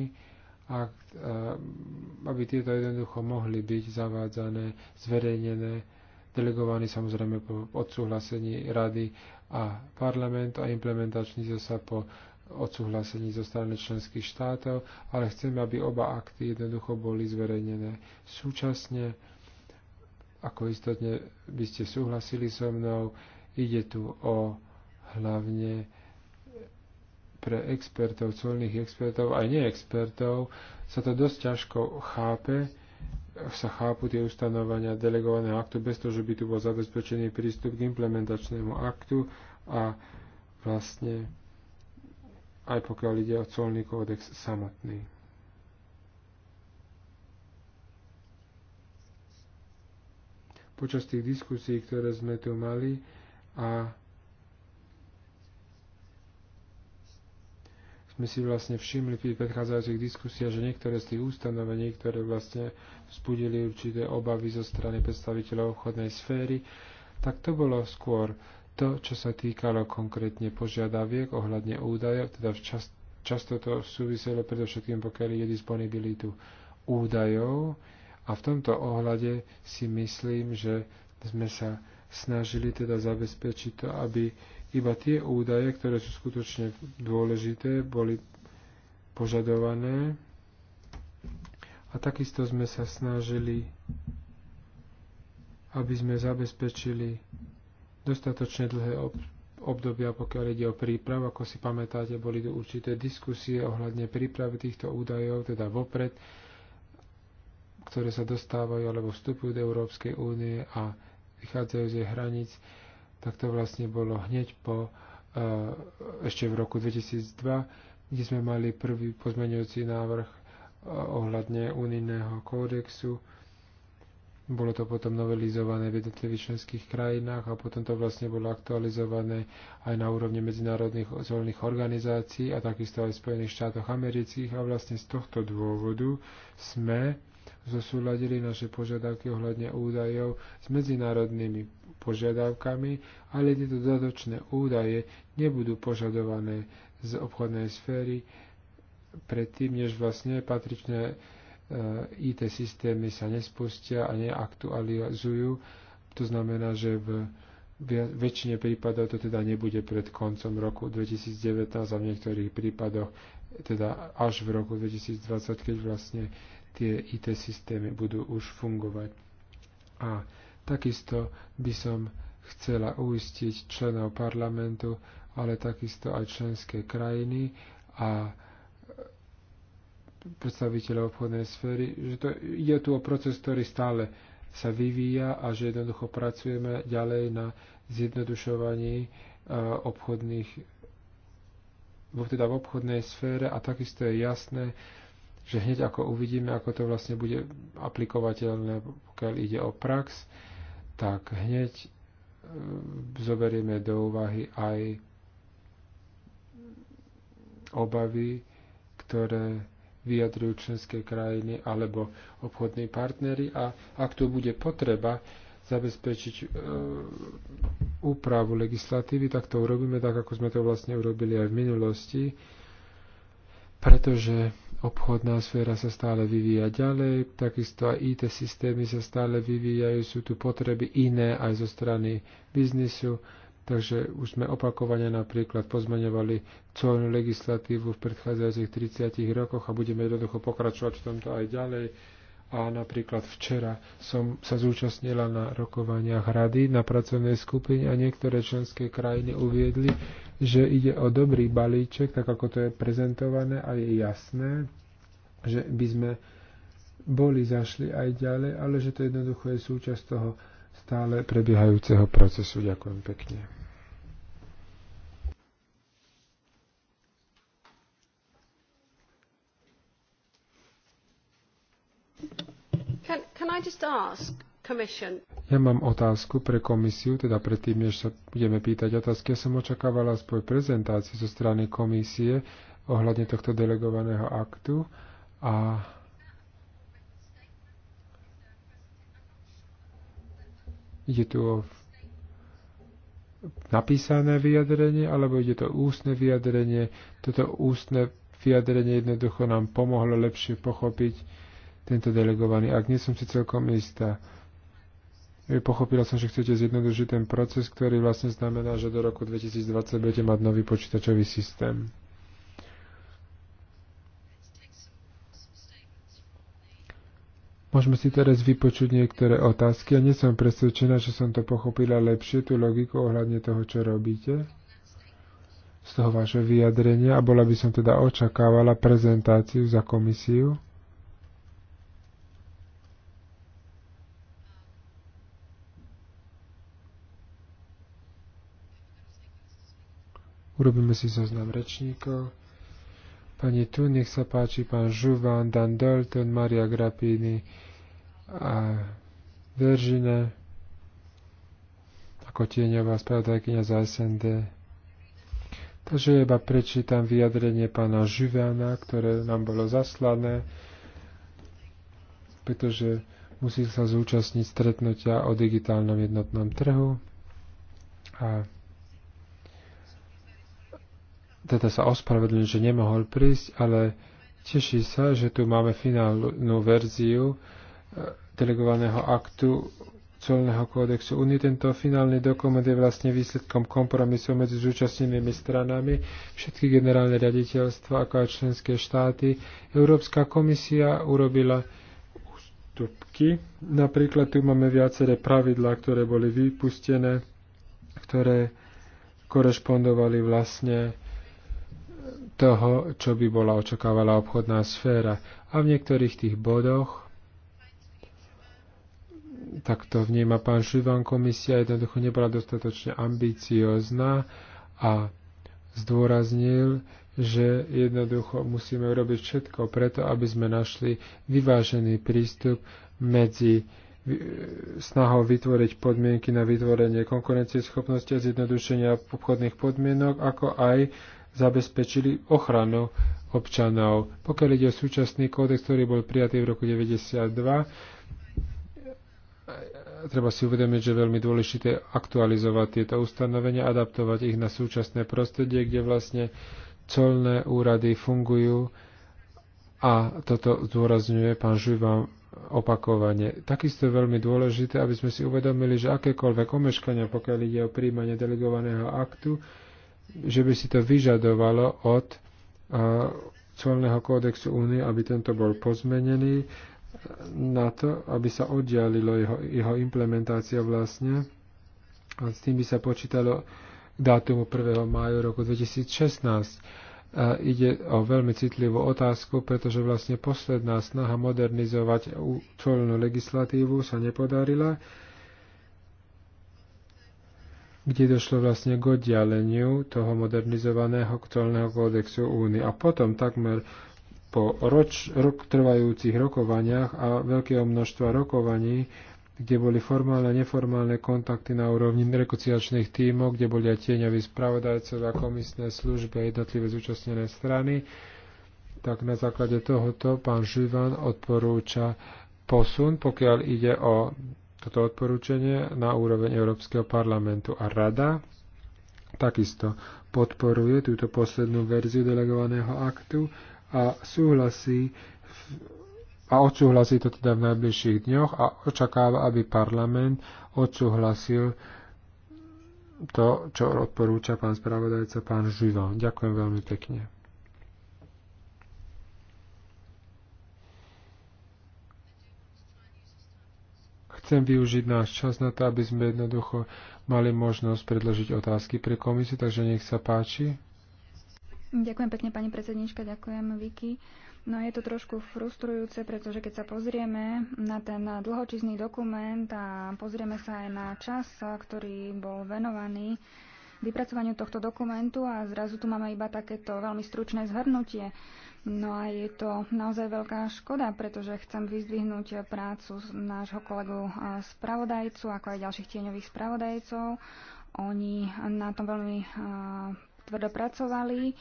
ak, eh, aby tieto jednoducho mohli byť zavádzané, zverejnené, delegovaní samozrejme po odsúhlasení rady a parlamentu a implementační zasa po odsúhlasení zo strany členských štátov, ale chceme, aby oba akty jednoducho boli zverejnené súčasne. Ako istotne by ste súhlasili so mnou, ide tu o hlavne pre expertov, colných expertov, aj neexpertov, sa to dosť ťažko chápe, sa chápu tie ustanovania delegovaného aktu bez toho, že by tu bol zabezpečený prístup k implementačnému aktu a vlastne aj pokiaľ ide o colný kódex samotný. Počas tých diskusí, ktoré sme tu mali a sme si vlastne všimli pri predchádzajúcich diskusiách, že niektoré z tých ustanovení, ktoré vlastne vzbudili určité obavy zo strany predstaviteľov obchodnej sféry, tak to bolo skôr to, čo sa týkalo konkrétne požiadaviek ohľadne údajov, teda včas, často to súviselo predovšetkým, pokiaľ je disponibilitu údajov. A v tomto ohľade si myslím, že sme sa snažili teda zabezpečiť to, aby iba tie údaje, ktoré sú skutočne dôležité, boli požadované. A takisto sme sa snažili, aby sme zabezpečili dostatočne dlhé obdobia, pokiaľ ide o prípravu, Ako si pamätáte, boli tu určité diskusie ohľadne prípravy týchto údajov, teda vopred, ktoré sa dostávajú alebo vstupujú do Európskej únie a vychádzajú z jej hraníc tak to vlastne bolo hneď po, e, ešte v roku 2002, kde sme mali prvý pozmeňujúci návrh e, ohľadne unijného kódexu. Bolo to potom novelizované v jednotlivých členských krajinách a potom to vlastne bolo aktualizované aj na úrovni medzinárodných zvolených organizácií a takisto aj v Spojených štátoch amerických a vlastne z tohto dôvodu sme zosúladili naše požiadavky ohľadne údajov s medzinárodnými požiadavkami, ale tieto dodatočné údaje nebudú požadované z obchodnej sféry predtým, než vlastne patričné IT e, systémy sa nespustia a neaktualizujú. To znamená, že v väčšine prípadov to teda nebude pred koncom roku 2019 a v niektorých prípadoch teda až v roku 2020, keď vlastne tie IT systémy budú už fungovať. A takisto by som chcela uistiť členov parlamentu, ale takisto aj členské krajiny a predstaviteľov obchodnej sféry, že to, ide tu o proces, ktorý stále sa vyvíja a že jednoducho pracujeme ďalej na zjednodušovaní e, obchodných, teda v obchodnej sfére a takisto je jasné, že hneď ako uvidíme, ako to vlastne bude aplikovateľné, pokiaľ ide o prax, tak hneď e, zoberieme do úvahy aj obavy, ktoré vyjadrujú členské krajiny alebo obchodní partnery a ak tu bude potreba zabezpečiť e, úpravu legislatívy, tak to urobíme tak, ako sme to vlastne urobili aj v minulosti, pretože obchodná sféra sa stále vyvíja ďalej, takisto aj IT systémy sa stále vyvíjajú, sú tu potreby iné aj zo strany biznisu, takže už sme opakovane napríklad pozmaňovali colnú legislatívu v predchádzajúcich 30 rokoch a budeme jednoducho pokračovať v tomto aj ďalej. A napríklad včera som sa zúčastnila na rokovaniach rady na pracovnej skupine a niektoré členské krajiny uviedli, že ide o dobrý balíček, tak ako to je prezentované a je jasné, že by sme boli zašli aj ďalej, ale že to jednoducho je súčasť toho stále prebiehajúceho procesu. Ďakujem pekne. Can, can I just ask, ja mám otázku pre komisiu, teda predtým, než sa budeme pýtať otázky. Ja som očakávala spoj prezentácii zo strany komisie ohľadne tohto delegovaného aktu a ide tu o napísané vyjadrenie, alebo ide to ústne vyjadrenie. Toto ústne vyjadrenie jednoducho nám pomohlo lepšie pochopiť tento delegovaný. Ak nie som si celkom istá, Pochopila som, že chcete zjednodušiť ten proces, ktorý vlastne znamená, že do roku 2020 budete mať nový počítačový systém. Môžeme si teraz vypočuť niektoré otázky. Ja nie som presvedčená, že som to pochopila lepšie, tú logiku ohľadne toho, čo robíte z toho vašeho vyjadrenia a bola by som teda očakávala prezentáciu za komisiu. Urobíme si zoznam rečníkov. Pani Tu, nech sa páči, pán Žuvan, Dan Dalton, Maria Grapini a Veržine ako tieňová spravodajkynia za SND. Takže iba prečítam vyjadrenie pána Žuvana, ktoré nám bolo zaslané, pretože musí sa zúčastniť stretnutia o digitálnom jednotnom trhu a teda sa ospravedlňuje, že nemohol prísť, ale teší sa, že tu máme finálnu verziu e, delegovaného aktu colného kódexu Unii. Tento finálny dokument je vlastne výsledkom kompromisu medzi zúčastnenými stranami, všetky generálne riaditeľstva, ako aj členské štáty. Európska komisia urobila ústupky. Napríklad tu máme viaceré pravidlá, ktoré boli vypustené, ktoré korešpondovali vlastne toho, čo by bola očakávala obchodná sféra. A v niektorých tých bodoch, tak to vníma pán Šivan, komisia jednoducho nebola dostatočne ambiciozná a zdôraznil, že jednoducho musíme urobiť všetko preto, aby sme našli vyvážený prístup medzi snahou vytvoriť podmienky na vytvorenie konkurencieschopnosti a zjednodušenia obchodných podmienok, ako aj zabezpečili ochranu občanov. Pokiaľ ide o súčasný kódex, ktorý bol prijatý v roku 1992, treba si uvedomiť, že je veľmi dôležité aktualizovať tieto ustanovenia, adaptovať ich na súčasné prostredie, kde vlastne colné úrady fungujú a toto zdôrazňuje pán Žujvan opakovane. Takisto je veľmi dôležité, aby sme si uvedomili, že akékoľvek omeškania, pokiaľ ide o príjmanie delegovaného aktu, že by si to vyžadovalo od colného kódexu únie, aby tento bol pozmenený e, na to, aby sa oddialilo jeho, jeho implementácia vlastne. A s tým by sa počítalo dátumu 1. máju roku 2016. A e, ide o veľmi citlivú otázku, pretože vlastne posledná snaha modernizovať colnú legislatívu sa nepodarila kde došlo vlastne k oddialeniu toho modernizovaného colného kódexu únie. A potom takmer po roč, rok trvajúcich rokovaniach a veľkého množstva rokovaní, kde boli formálne a neformálne kontakty na úrovni rekociačných tímov, kde boli aj tieňoví spravodajcovia, komisné služby a jednotlivé zúčastnené strany, tak na základe tohoto pán Živan odporúča posun, pokiaľ ide o toto odporúčanie na úroveň Európskeho parlamentu a rada takisto podporuje túto poslednú verziu delegovaného aktu a súhlasí a odsúhlasí to teda v najbližších dňoch a očakáva, aby parlament odsúhlasil to, čo odporúča pán spravodajca, pán Živan. Ďakujem veľmi pekne. Chcem využiť náš čas na to, aby sme jednoducho mali možnosť predložiť otázky pre komisiu, takže nech sa páči. Ďakujem pekne, pani predsednička, ďakujem, Viki. No je to trošku frustrujúce, pretože keď sa pozrieme na ten dlhočizný dokument a pozrieme sa aj na čas, ktorý bol venovaný vypracovaniu tohto dokumentu a zrazu tu máme iba takéto veľmi stručné zhrnutie. No a je to naozaj veľká škoda, pretože chcem vyzdvihnúť prácu nášho kolegu spravodajcu, ako aj ďalších tieňových spravodajcov. Oni na tom veľmi tvrdo pracovali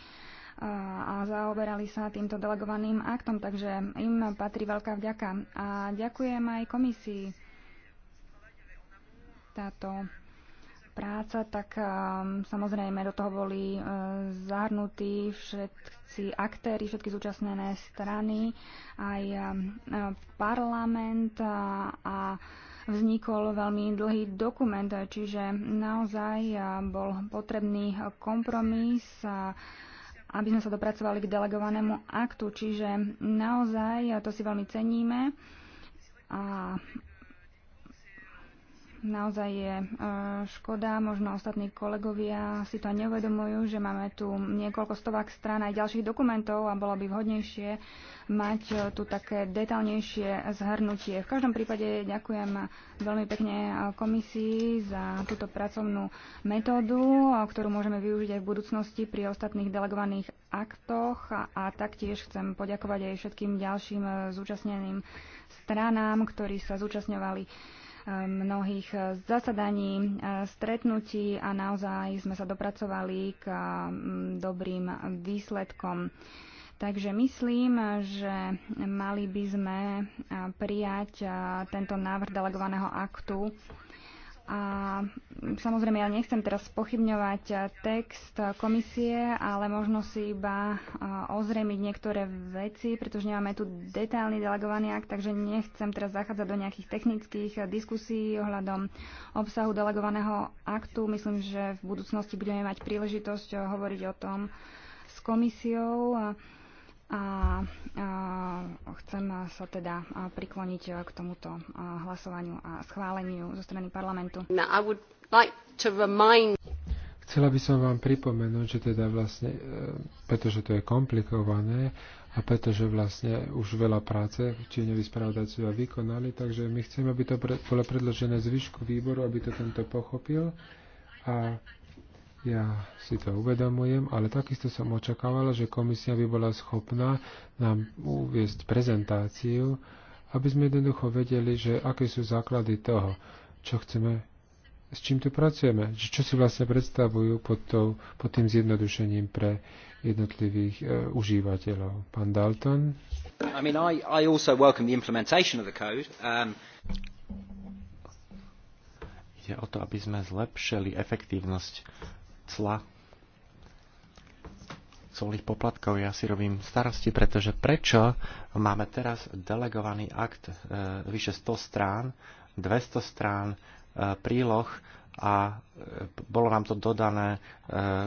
a zaoberali sa týmto delegovaným aktom, takže im patrí veľká vďaka. A ďakujem aj komisii. Táto práca, tak ehm, samozrejme do toho boli e, zahrnutí všetci aktéry, všetky zúčastnené strany, aj ehm, e, parlament a vznikol veľmi dlhý dokument, čiže naozaj e, bol potrebný kompromis, aby sme sa dopracovali k delegovanému aktu. Čiže naozaj to si veľmi ceníme a Naozaj je e, škoda, možno ostatní kolegovia si to neuvedomujú, že máme tu niekoľko stovák strán aj ďalších dokumentov a bolo by vhodnejšie mať e, tu také detaľnejšie zhrnutie. V každom prípade ďakujem veľmi pekne e, komisii za túto pracovnú metódu, ktorú môžeme využiť aj v budúcnosti pri ostatných delegovaných aktoch a, a taktiež chcem poďakovať aj všetkým ďalším zúčastneným stranám, ktorí sa zúčastňovali mnohých eh, zasadaní, eh, stretnutí a naozaj sme sa dopracovali k mm, dobrým výsledkom. Takže myslím, že mali by sme eh, prijať tento návrh delegovaného aktu a samozrejme, ja nechcem teraz pochybňovať eh, text eh, komisie, ale možno si iba eh, ozremiť niektoré veci, pretože nemáme tu detailný delegovaný akt, takže nechcem teraz zachádzať do nejakých technických diskusí ohľadom obsahu delegovaného aktu. Myslím, že v budúcnosti budeme mať príležitosť hovoriť o tom s komisiou. A a, chcem sa teda prikloniť e, k tomuto hlasovaniu a schváleniu zo strany parlamentu. Chcela by som vám pripomenúť, že teda vlastne, e, pretože to je komplikované a pretože vlastne už veľa práce tieňoví a vykonali, takže my chceme, aby to bolo predložené zvyšku výboru, aby to tento pochopil a ja si to uvedomujem, ale takisto som očakávala, že komisia by bola schopná nám uviesť prezentáciu, aby sme jednoducho vedeli, že aké sú základy toho, čo chceme, s čím tu pracujeme, čo si vlastne predstavujú pod, to, pod tým zjednodušením pre jednotlivých e, užívateľov. Pán Dalton? I mean, I, I also welcome the implementation of the code. Um... Ide o to, aby sme zlepšili efektívnosť cla colných poplatkov. Ja si robím starosti, pretože prečo máme teraz delegovaný akt e, vyše 100 strán, 200 strán e, príloh, a e, bolo nám to dodané e,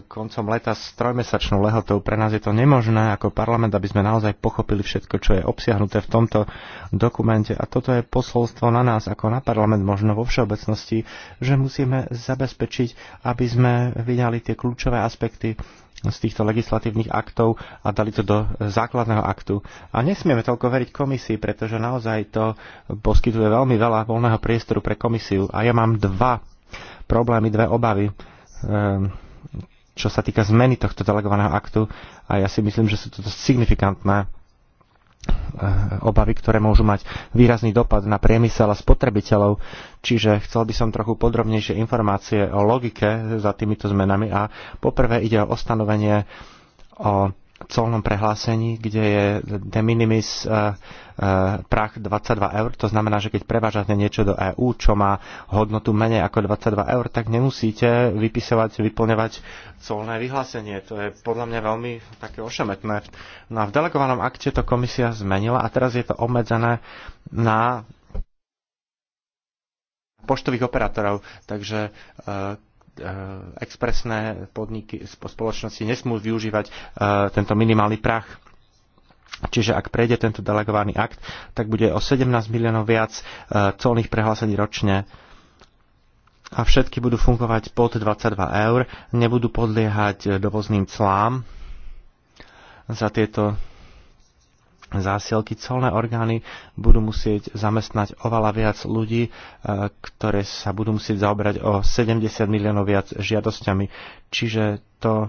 koncom leta s trojmesačnou lehotou. Pre nás je to nemožné ako parlament, aby sme naozaj pochopili všetko, čo je obsiahnuté v tomto dokumente. A toto je posolstvo na nás ako na parlament, možno vo všeobecnosti, že musíme zabezpečiť, aby sme vyňali tie kľúčové aspekty z týchto legislatívnych aktov a dali to do základného aktu. A nesmieme toľko veriť komisii, pretože naozaj to poskytuje veľmi veľa voľného priestoru pre komisiu. A ja mám dva problémy, dve obavy, ehm, čo sa týka zmeny tohto delegovaného aktu a ja si myslím, že sú to signifikantné eh, obavy, ktoré môžu mať výrazný dopad na priemysel a spotrebiteľov. Čiže chcel by som trochu podrobnejšie informácie o logike za týmito zmenami a poprvé ide o ostanovenie o colnom prehlásení, kde je de minimis eh, Eh, prach 22 eur. To znamená, že keď prevážate niečo do EÚ, čo má hodnotu menej ako 22 eur, tak nemusíte vypisovať, vyplňovať colné vyhlásenie. To je podľa mňa veľmi také ošemetné. No a v delegovanom akte to komisia zmenila a teraz je to obmedzené na poštových operátorov. Takže eh, eh, expresné podniky, spoločnosti nesmú využívať tento minimálny prach. Čiže ak prejde tento delegovaný akt, tak bude o 17 miliónov viac e, colných prehlásení ročne a všetky budú fungovať pod 22 eur, nebudú podliehať e, dovozným clám za tieto zásielky, colné orgány budú musieť zamestnať oveľa viac ľudí, e, ktoré sa budú musieť zaoberať o 70 miliónov viac žiadosťami. Čiže to e,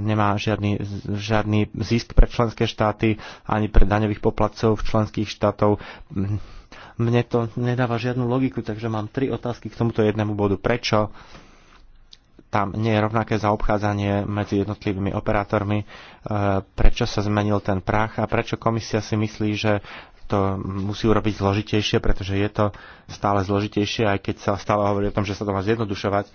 nemá žiadny, žiadny zisk pre členské štáty ani pre daňových poplatcov v členských štátov. Mne to nedáva žiadnu logiku, takže mám tri otázky k tomuto jednému bodu. Prečo? tam nie je rovnaké zaobchádzanie medzi jednotlivými operátormi, e, prečo sa zmenil ten prach a prečo komisia si myslí, že to musí urobiť zložitejšie, pretože je to stále zložitejšie, aj keď sa stále hovorí o tom, že sa to má zjednodušovať.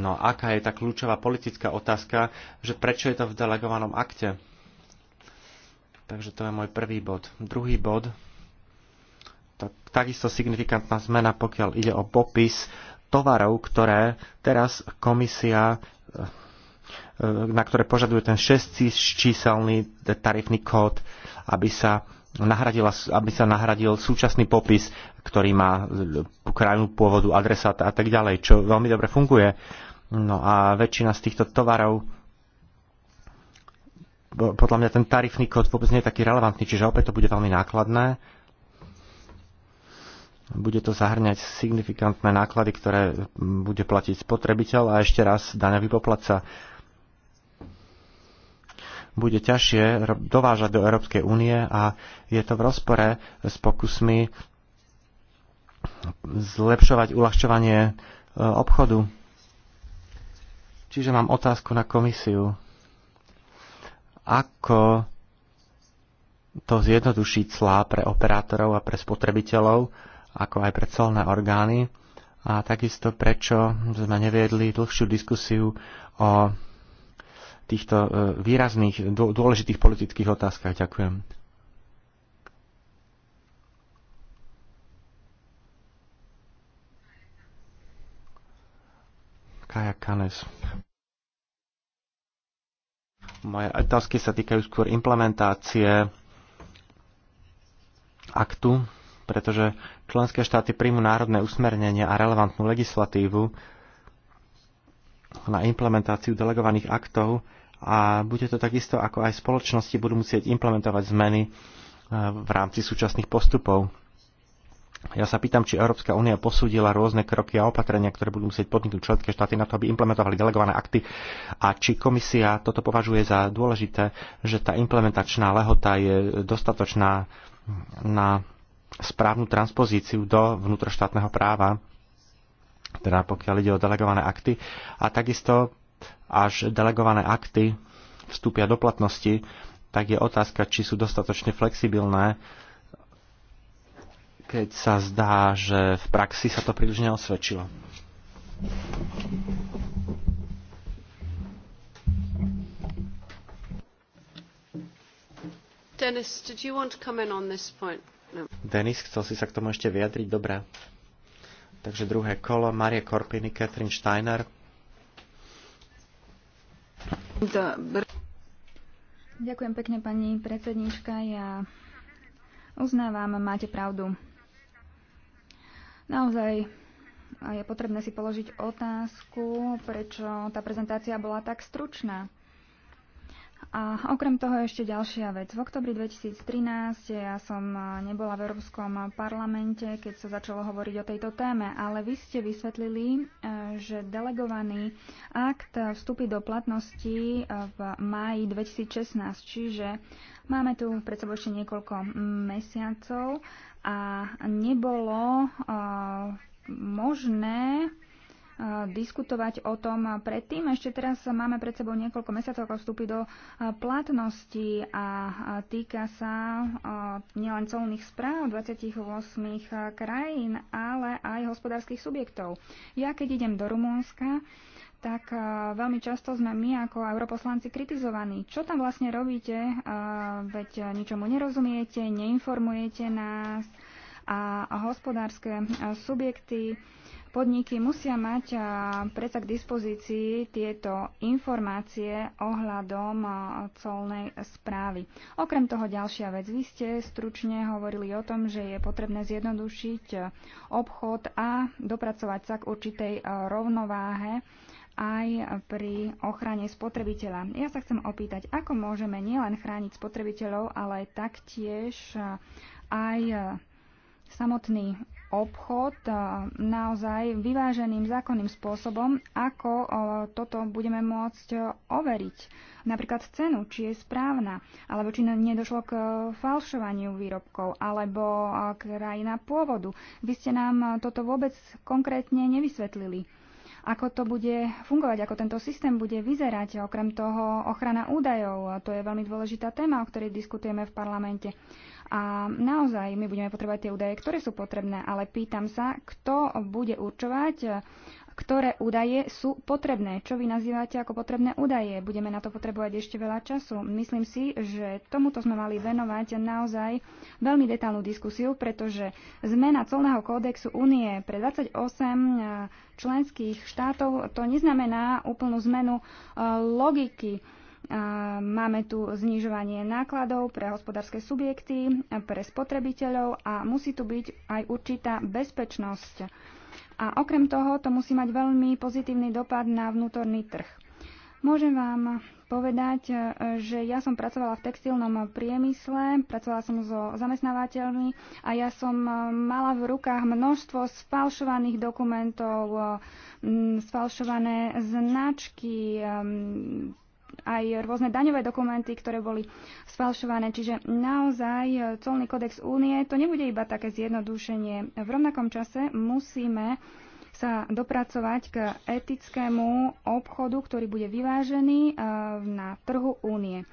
No aká je tá kľúčová politická otázka, že prečo je to v delegovanom akte? Takže to je môj prvý bod. Druhý bod, tak, takisto signifikantná zmena, pokiaľ ide o popis tovarov, ktoré teraz komisia eh, na ktoré požaduje ten 6 číselný tarifný kód, aby sa, nahradila, aby sa nahradil súčasný popis, ktorý má eh, krajinu pôvodu, adresát a tak ďalej, čo veľmi dobre funguje. No a väčšina z týchto tovarov podľa mňa ten tarifný kód vôbec nie je taký relevantný, čiže opäť to bude veľmi nákladné bude to zahrňať signifikantné náklady, ktoré bude platiť spotrebiteľ a ešte raz daňový poplatca. Bude ťažšie dovážať do Európskej únie a je to v rozpore s pokusmi zlepšovať uľahčovanie e, obchodu. Čiže mám otázku na komisiu. Ako to zjednoduší clá pre operátorov a pre spotrebiteľov, ako aj pre colné orgány a takisto prečo sme neviedli dlhšiu diskusiu o týchto e, výrazných, dôležitých politických otázkach. Ďakujem. Kaja Kanes. Moje otázky sa týkajú skôr implementácie aktu pretože členské štáty príjmu národné usmernenie a relevantnú legislatívu na implementáciu delegovaných aktov a bude to takisto, ako aj spoločnosti budú musieť implementovať zmeny e, v rámci súčasných postupov. Ja sa pýtam, či Európska únia posúdila rôzne kroky a opatrenia, ktoré budú musieť podniknúť členské štáty na to, aby implementovali delegované akty a či komisia toto považuje za dôležité, že tá implementačná lehota je dostatočná na správnu transpozíciu do vnútroštátneho práva, teda pokiaľ ide o delegované akty. A takisto, až delegované akty vstúpia do platnosti, tak je otázka, či sú dostatočne flexibilné, keď sa zdá, že v praxi sa to príliš neosvedčilo. Dennis, did you want to come in on this point? No. Denis, chcel si sa k tomu ešte vyjadriť? Dobre. Takže druhé kolo. Marie Korpiny, Katrin Steiner. Dobre. Ďakujem pekne, pani predsednička. Ja uznávam, máte pravdu. Naozaj je potrebné si položiť otázku, prečo tá prezentácia bola tak stručná. A okrem toho ešte ďalšia vec. V oktobri 2013 ja som e, nebola v Európskom parlamente, keď sa začalo hovoriť o tejto téme, ale vy ste vysvetlili, e, že delegovaný akt vstúpi do platnosti e, v máji 2016, čiže máme tu pred sebou ešte niekoľko mesiacov a nebolo možné diskutovať o tom predtým. Ešte teraz máme pred sebou niekoľko mesiacov, ako vstúpi do platnosti a týka sa nielen colných správ 28 krajín, ale aj hospodárskych subjektov. Ja keď idem do Rumúnska, tak veľmi často sme my ako europoslanci kritizovaní. Čo tam vlastne robíte? Veď ničomu nerozumiete, neinformujete nás a hospodárske subjekty Podniky musia mať predsa k dispozícii tieto informácie ohľadom colnej správy. Okrem toho ďalšia vec. Vy ste stručne hovorili o tom, že je potrebné zjednodušiť obchod a dopracovať sa k určitej rovnováhe aj pri ochrane spotrebiteľa. Ja sa chcem opýtať, ako môžeme nielen chrániť spotrebiteľov, ale taktiež aj samotný obchod naozaj vyváženým zákonným spôsobom, ako toto budeme môcť overiť. Napríklad cenu, či je správna, alebo či nedošlo k e, falšovaniu výrobkov, alebo krajina pôvodu. Vy ste nám e, toto vôbec konkrétne nevysvetlili ako to bude fungovať, ako tento systém bude vyzerať. Okrem toho ochrana údajov, to je veľmi dôležitá téma, o ktorej diskutujeme v parlamente. A naozaj my budeme potrebovať tie údaje, ktoré sú potrebné, ale pýtam sa, kto bude určovať, ktoré údaje sú potrebné. Čo vy nazývate ako potrebné údaje? Budeme na to potrebovať ešte veľa času. Myslím si, že tomuto sme mali venovať naozaj veľmi detálnu diskusiu, pretože zmena colného kódexu únie pre 28 eh, členských štátov to neznamená úplnú zmenu eh, logiky Máme tu znižovanie nákladov pre hospodárske subjekty, pre spotrebiteľov a musí tu byť aj určitá bezpečnosť. A okrem toho to musí mať veľmi pozitívny dopad na vnútorný trh. Môžem vám povedať, e, že ja som pracovala v textilnom priemysle, pracovala som so zamestnávateľmi a ja som e, mala v rukách množstvo sfalšovaných dokumentov, e, sfalšované značky, aj rôzne daňové dokumenty, ktoré boli sfalšované. Čiže naozaj e, colný kodex únie to nebude iba také zjednodušenie. V rovnakom čase musíme sa dopracovať k etickému obchodu, ktorý bude vyvážený e, na trhu únie.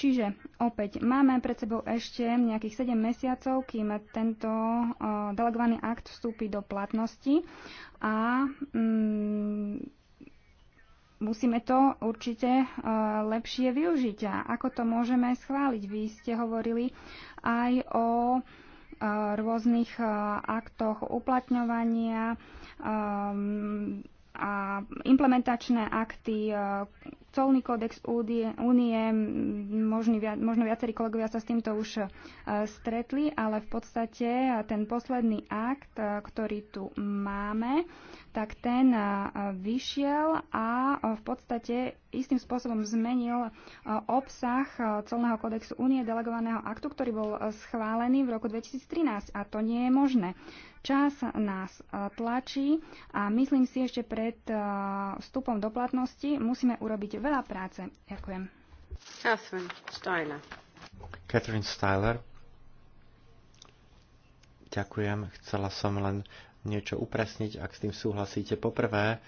Čiže opäť máme pred sebou ešte nejakých 7 mesiacov, kým tento e, delegovaný akt vstúpi do platnosti a mm, musíme to určite e, lepšie využiť. A ako to môžeme schváliť? Vy ste hovorili aj o e, rôznych e, aktoch uplatňovania a implementačné akty, colný kódex únie, možno, možno viacerí kolegovia sa s týmto už e, stretli, ale v podstate e, ten posledný akt, e, ktorý tu máme, tak ten vyšiel a v podstate istým spôsobom zmenil obsah colného kódexu únie delegovaného aktu, ktorý bol schválený v roku 2013 a to nie je možné. Čas nás tlačí a myslím si ešte pred vstupom do platnosti musíme urobiť veľa práce. Ďakujem. Catherine Styler. Catherine Styler. Ďakujem. Chcela som len niečo upresniť, ak s tým súhlasíte. Poprvé,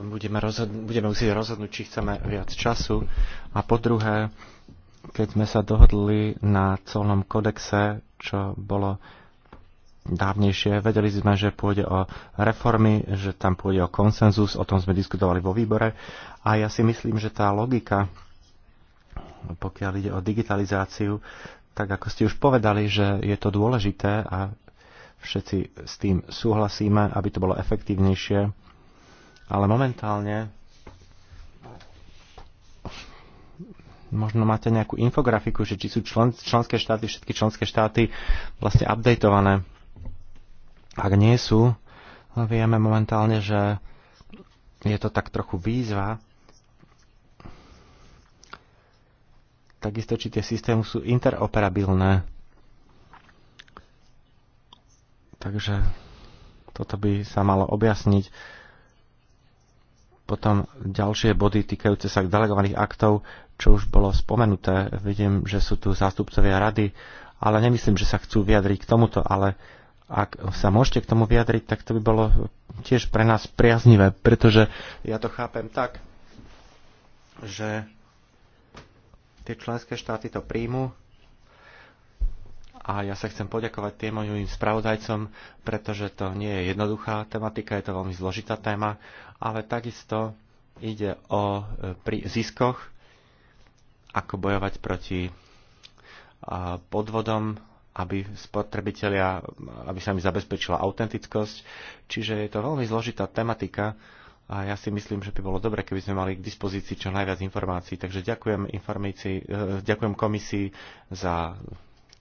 budeme, rozhodnú, budeme musieť rozhodnúť, či chceme viac času. A po druhé, keď sme sa dohodli na colnom kodexe, čo bolo dávnejšie. Vedeli sme, že pôjde o reformy, že tam pôjde o konsenzus, o tom sme diskutovali vo výbore. A ja si myslím, že tá logika, pokiaľ ide o digitalizáciu, tak ako ste už povedali, že je to dôležité a všetci s tým súhlasíme, aby to bolo efektívnejšie. Ale momentálne možno máte nejakú infografiku, že či sú člen, členské štáty, všetky členské štáty vlastne updatované ak nie sú, no vieme momentálne, že je to tak trochu výzva. Takisto, či tie systémy sú interoperabilné. Takže toto by sa malo objasniť. Potom ďalšie body týkajúce sa delegovaných aktov, čo už bolo spomenuté. Vidím, že sú tu zástupcovia rady, ale nemyslím, že sa chcú vyjadriť k tomuto, ale ak sa môžete k tomu vyjadriť, tak to by bolo tiež pre nás priaznivé, pretože ja to chápem tak, že tie členské štáty to príjmu a ja sa chcem poďakovať tým mojim spravodajcom, pretože to nie je jednoduchá tematika, je to veľmi zložitá téma, ale takisto ide o e, pri ziskoch, ako bojovať proti podvodom aby spotrebitelia, aby sa mi zabezpečila autentickosť. Čiže je to veľmi zložitá tematika a ja si myslím, že by bolo dobre, keby sme mali k dispozícii čo najviac informácií. Takže ďakujem, e, ďakujem komisii za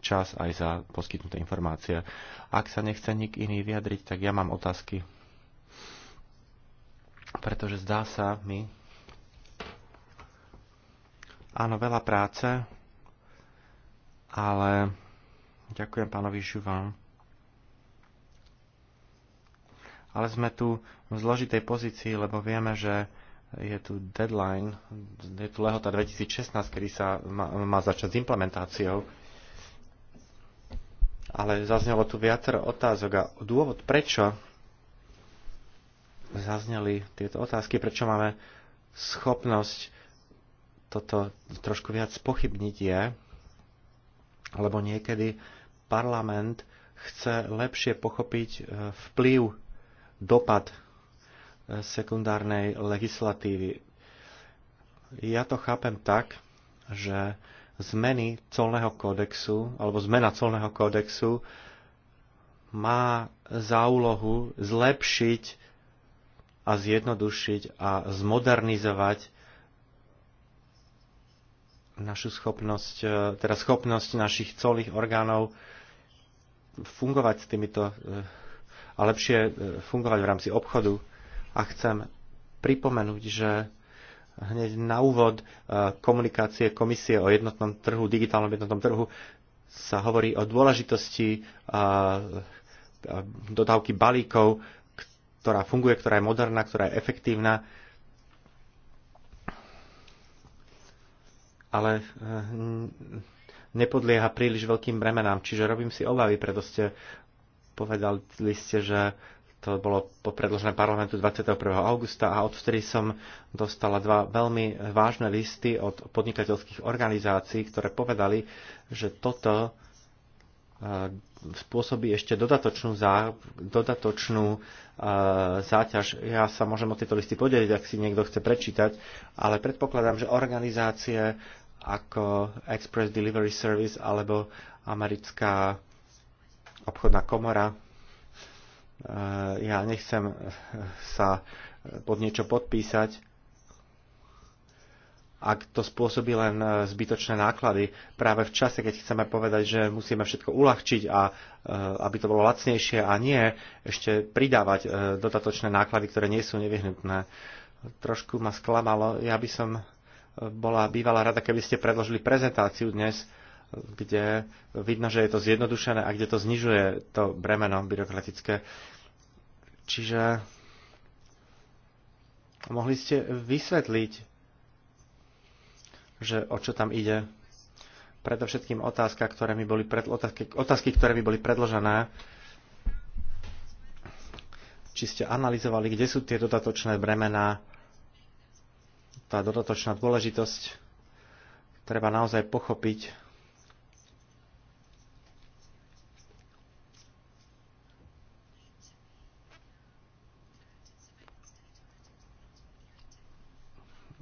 čas aj za poskytnuté informácie. Ak sa nechce nik iný vyjadriť, tak ja mám otázky. Pretože zdá sa mi, áno, veľa práce, ale Ďakujem pánovi Šuvám. Ale sme tu v zložitej pozícii, lebo vieme, že je tu deadline, je tu lehota 2016, kedy sa má, má začať s implementáciou. Ale zaznelo tu viacero otázok a dôvod, prečo zazneli tieto otázky, prečo máme schopnosť toto trošku viac pochybniť je, lebo niekedy parlament chce lepšie pochopiť e, vplyv, dopad e, sekundárnej legislatívy. Ja to chápem tak, že zmeny colného kódexu alebo zmena colného kódexu má za úlohu zlepšiť a zjednodušiť a zmodernizovať našu schopnosť, e, teda schopnosť našich celých orgánov fungovať s týmito eh, a lepšie eh, fungovať v rámci obchodu. A chcem pripomenúť, že hneď na úvod eh, komunikácie komisie o jednotnom trhu, digitálnom jednotnom trhu sa hovorí o dôležitosti dodávky balíkov, ktorá funguje, ktorá je moderná, ktorá je efektívna. Ale nepodlieha príliš veľkým bremenám. Čiže robím si obavy, preto ste povedali ste, že to bolo popredložené parlamentu 21. augusta a odvtedy som dostala dva veľmi vážne listy od podnikateľských organizácií, ktoré povedali, že toto e, spôsobí ešte dodatočnú, zá, dodatočnú uh, záťaž. Ja sa môžem o tieto listy podeliť, ak si niekto chce prečítať, ale predpokladám, že organizácie ako Express Delivery Service alebo americká obchodná komora. Eh, ja nechcem sa pod niečo podpísať, ak to spôsobí len eh, zbytočné náklady. Práve v čase, keď chceme povedať, že musíme všetko uľahčiť a eh, aby to bolo lacnejšie a nie ešte pridávať dodatočné náklady, ktoré nie sú nevyhnutné. Trošku ma sklamalo. Ja by som bola bývalá rada, keby ste predložili prezentáciu dnes, kde vidno, že je to zjednodušené a kde to znižuje to bremeno byrokratické. Čiže mohli ste vysvetliť, že o čo tam ide. Predovšetkým otázka, ktoré mi boli pred, otázky, otázky, ktoré mi boli predložené, či ste analyzovali, kde sú tie dodatočné bremená, tá dodatočná dôležitosť treba naozaj pochopiť.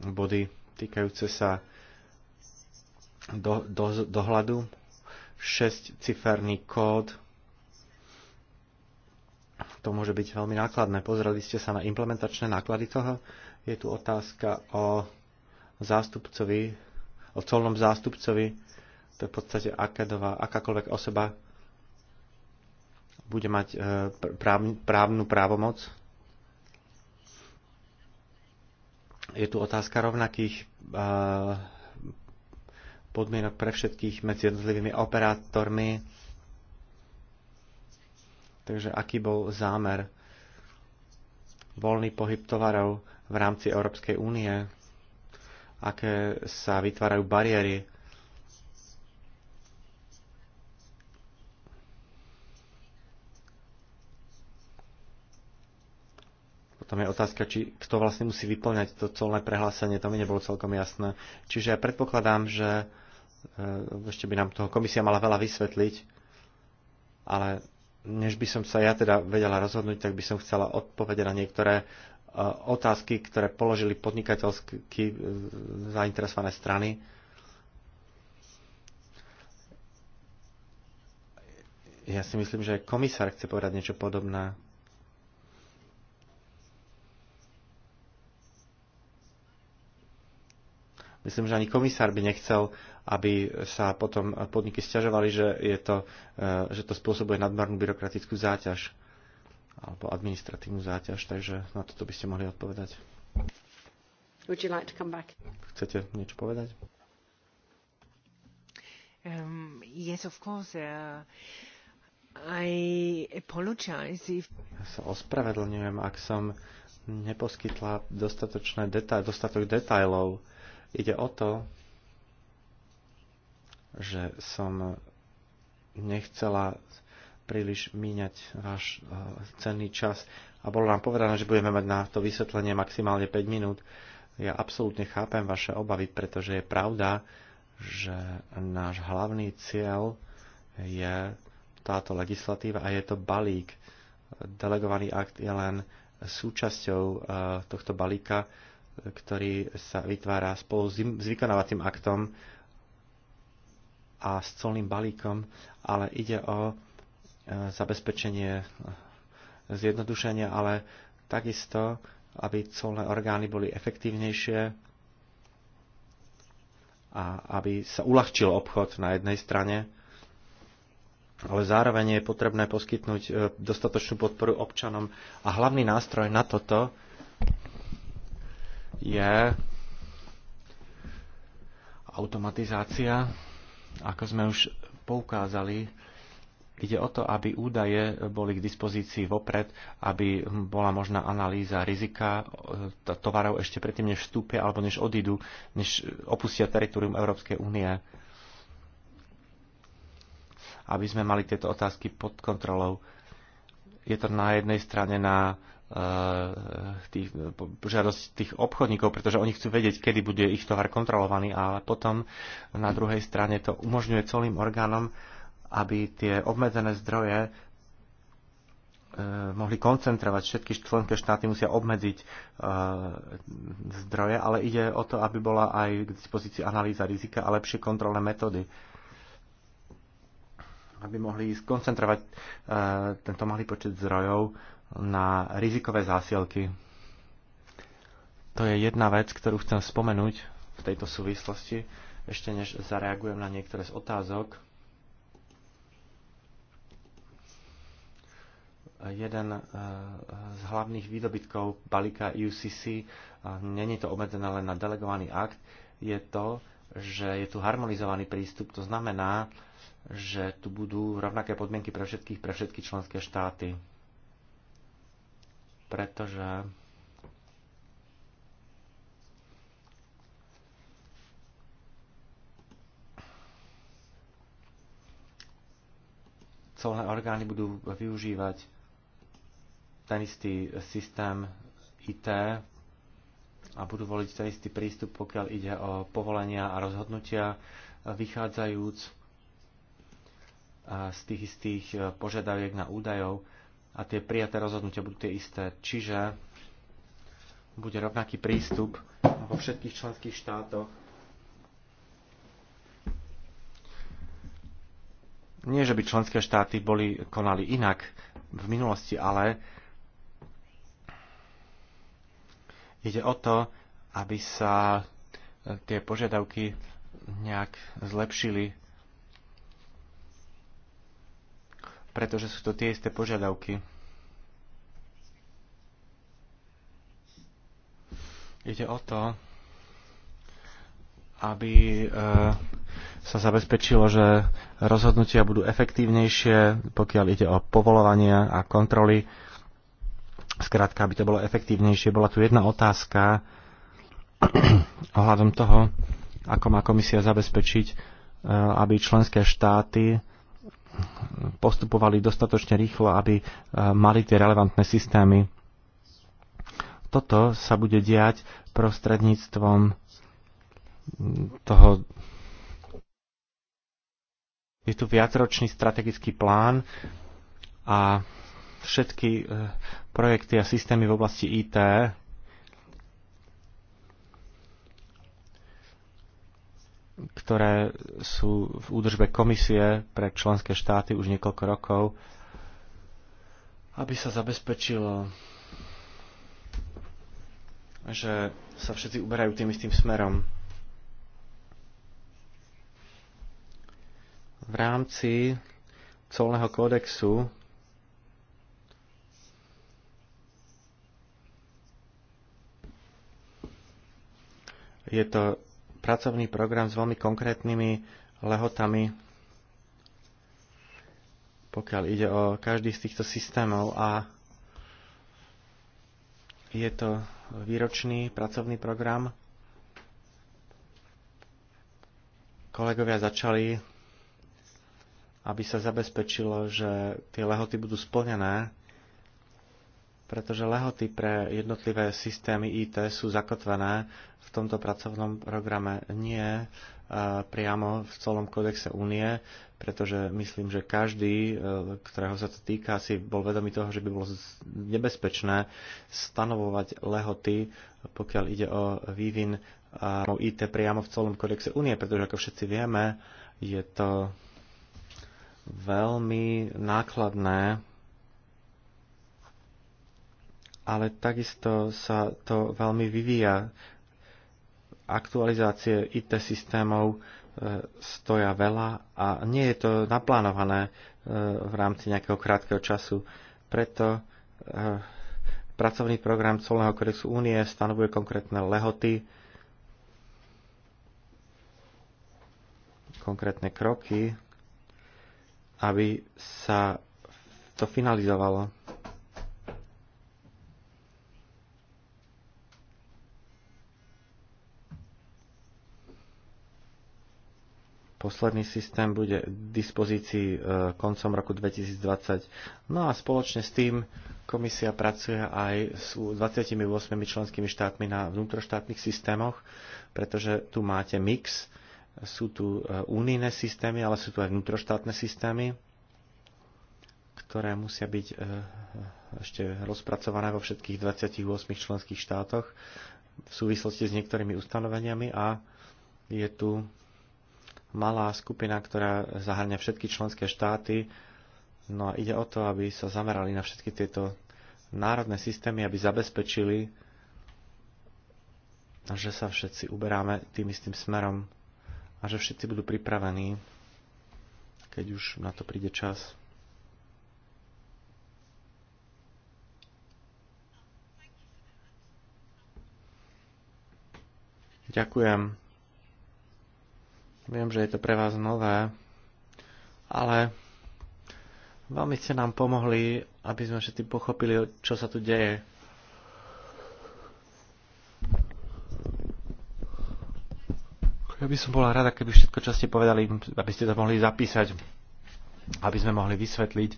body týkajúce sa do, do, dohľadu, 6-ciferný kód. To môže byť veľmi nákladné. Pozreli ste sa na implementačné náklady toho? je tu otázka o zástupcovi, o colnom zástupcovi. To je v podstate akadová, akákoľvek osoba bude mať e, práv, právnu právomoc. Je tu otázka rovnakých e, podmienok pre všetkých medzi jednotlivými operátormi. Takže aký bol zámer? Voľný pohyb tovarov v rámci Európskej únie, aké sa vytvárajú bariéry. Potom je otázka, či kto vlastne musí vyplňať to colné prehlásenie, to mi nebolo celkom jasné. Čiže ja predpokladám, že e, ešte by nám toho komisia mala veľa vysvetliť, ale než by som sa ja teda vedela rozhodnúť, tak by som chcela odpovede na niektoré E, otázky, ktoré položili podnikateľsky e, zainteresované strany. Ja si myslím, že komisár chce povedať niečo podobné. Myslím, že ani komisár by nechcel, aby sa potom podniky stiažovali, že, je to, e, že to spôsobuje nadmernú byrokratickú záťaž alebo administratívnu záťaž, takže na toto by ste mohli odpovedať. Would you like to come back? Chcete niečo povedať? Um, yes, of course. Uh, I apologize if... Ja sa ospravedlňujem, ak som neposkytla dostatočné deta- dostatok detajlov. Ide o to, že som nechcela príliš míňať váš eh, cenný čas. A bolo nám povedané, že budeme mať na to vysvetlenie maximálne 5 minút. Ja absolútne chápem vaše obavy, pretože je pravda, že náš hlavný cieľ je táto legislatíva a je to balík. Delegovaný akt je len súčasťou eh, tohto balíka, ktorý sa vytvára spolu s vykonávacím aktom a s celým balíkom, ale ide o zabezpečenie eh, zjednodušenia, ale takisto, aby colné orgány boli efektívnejšie a aby sa uľahčil obchod na jednej strane, ale zároveň je potrebné poskytnúť eh, dostatočnú podporu občanom. A hlavný nástroj na toto je automatizácia, ako sme už poukázali Ide o to, aby údaje boli k dispozícii vopred, aby bola možná analýza rizika e, tovarov ešte predtým, než vstúpia alebo než odídu, než opustia teritorium Európskej únie. Aby sme mali tieto otázky pod kontrolou. Je to na jednej strane na e, tých, žiadosť tých obchodníkov, pretože oni chcú vedieť, kedy bude ich tovar kontrolovaný, ale potom na druhej strane to umožňuje celým orgánom aby tie obmedzené zdroje e, mohli koncentrovať. Všetky členské štáty musia obmedziť e, zdroje, ale ide o to, aby bola aj k dispozícii analýza rizika a lepšie kontrolné metódy aby mohli skoncentrovať e, tento malý počet zdrojov na rizikové zásielky. To je jedna vec, ktorú chcem spomenúť v tejto súvislosti, ešte než zareagujem na niektoré z otázok. jeden eh, z hlavných výdobytkov balíka UCC, a není to obmedzené len na delegovaný akt, je to, že je tu harmonizovaný prístup, to znamená, že tu budú rovnaké podmienky pre všetkých, pre všetky členské štáty. Pretože colné orgány budú využívať ten istý systém IT a budú voliť ten istý prístup, pokiaľ ide o povolenia a rozhodnutia, vychádzajúc z tých istých e, požiadaviek na údajov a tie prijaté rozhodnutia budú tie isté. Čiže bude rovnaký prístup vo všetkých členských štátoch. Nie, že by členské štáty boli konali inak v minulosti, ale Ide o to, aby sa e, tie požiadavky nejak zlepšili, pretože sú to tie isté požiadavky. Ide o to, aby e, sa zabezpečilo, že rozhodnutia budú efektívnejšie, pokiaľ ide o povolovanie a kontroly Skrátka, aby to bolo efektívnejšie, bola tu jedna otázka ohľadom toho, ako má komisia zabezpečiť, e, aby členské štáty postupovali dostatočne rýchlo, aby e, mali tie relevantné systémy. Toto sa bude diať prostredníctvom toho. Je tu viacročný strategický plán a všetky e, projekty a systémy v oblasti IT ktoré sú v údržbe komisie pre členské štáty už niekoľko rokov, aby sa zabezpečilo, že sa všetci uberajú tým istým smerom. V rámci colného kódexu Je to pracovný program s veľmi konkrétnymi lehotami, pokiaľ ide o každý z týchto systémov a je to výročný pracovný program. Kolegovia začali, aby sa zabezpečilo, že tie lehoty budú splnené pretože lehoty pre jednotlivé systémy IT sú zakotvené v tomto pracovnom programe, nie e, priamo v celom kodexe únie, pretože myslím, že každý, e, ktorého sa to týka, si bol vedomý toho, že by bolo nebezpečné stanovovať lehoty, pokiaľ ide o vývin IT priamo v celom kodexe únie, pretože ako všetci vieme, je to veľmi nákladné ale takisto sa to veľmi vyvíja. Aktualizácie IT systémov e, stoja veľa a nie je to naplánované e, v rámci nejakého krátkeho času. Preto e, pracovný program Colného kodexu únie stanovuje konkrétne lehoty, konkrétne kroky, aby sa to finalizovalo. Posledný systém bude k dispozícii e, koncom roku 2020. No a spoločne s tým komisia pracuje aj s 28 členskými štátmi na vnútroštátnych systémoch, pretože tu máte mix. Sú tu e, unijné systémy, ale sú tu aj vnútroštátne systémy, ktoré musia byť e, ešte rozpracované vo všetkých 28 členských štátoch v súvislosti s niektorými ustanoveniami a je tu malá skupina, ktorá zahrňa všetky členské štáty. No a ide o to, aby sa zamerali na všetky tieto národné systémy, aby zabezpečili, že sa všetci uberáme tým istým smerom a že všetci budú pripravení, keď už na to príde čas. Ďakujem Viem, že je to pre vás nové, ale veľmi ste nám pomohli, aby sme všetci pochopili, čo sa tu deje. Ja by som bola rada, keby všetko, čo ste povedali, aby ste to mohli zapísať, aby sme mohli vysvetliť,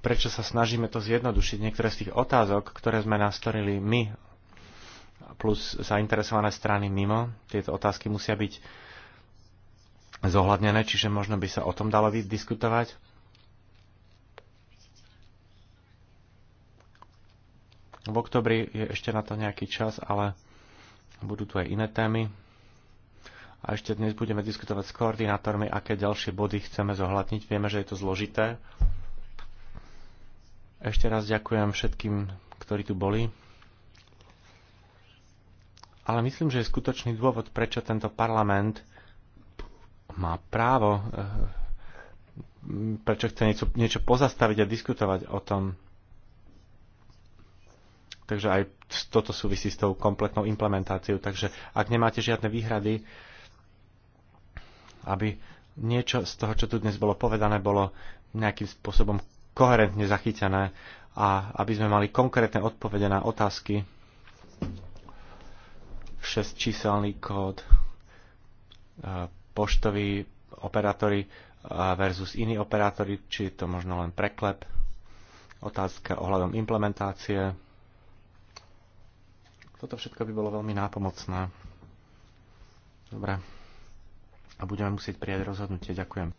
prečo sa snažíme to zjednodušiť. Niektoré z tých otázok, ktoré sme nastorili my, plus zainteresované strany mimo, tieto otázky musia byť zohľadnené, čiže možno by sa o tom dalo diskutovať. V oktobri je ešte na to nejaký čas, ale budú tu aj iné témy. A ešte dnes budeme diskutovať s koordinátormi, aké ďalšie body chceme zohľadniť. Vieme, že je to zložité. Ešte raz ďakujem všetkým, ktorí tu boli. Ale myslím, že je skutočný dôvod, prečo tento parlament má právo, eh, prečo chce niečo, niečo pozastaviť a diskutovať o tom. Takže aj toto súvisí s tou kompletnou implementáciou. Takže ak nemáte žiadne výhrady, aby niečo z toho, čo tu dnes bolo povedané, bolo nejakým spôsobom koherentne zachytené a aby sme mali konkrétne odpovede na otázky. šesťčíselný číselný kód eh, poštoví operátori versus iní operátori, či je to možno len preklep. Otázka ohľadom implementácie. Toto všetko by bolo veľmi nápomocné. Dobre. A budeme musieť prijať rozhodnutie. Ďakujem.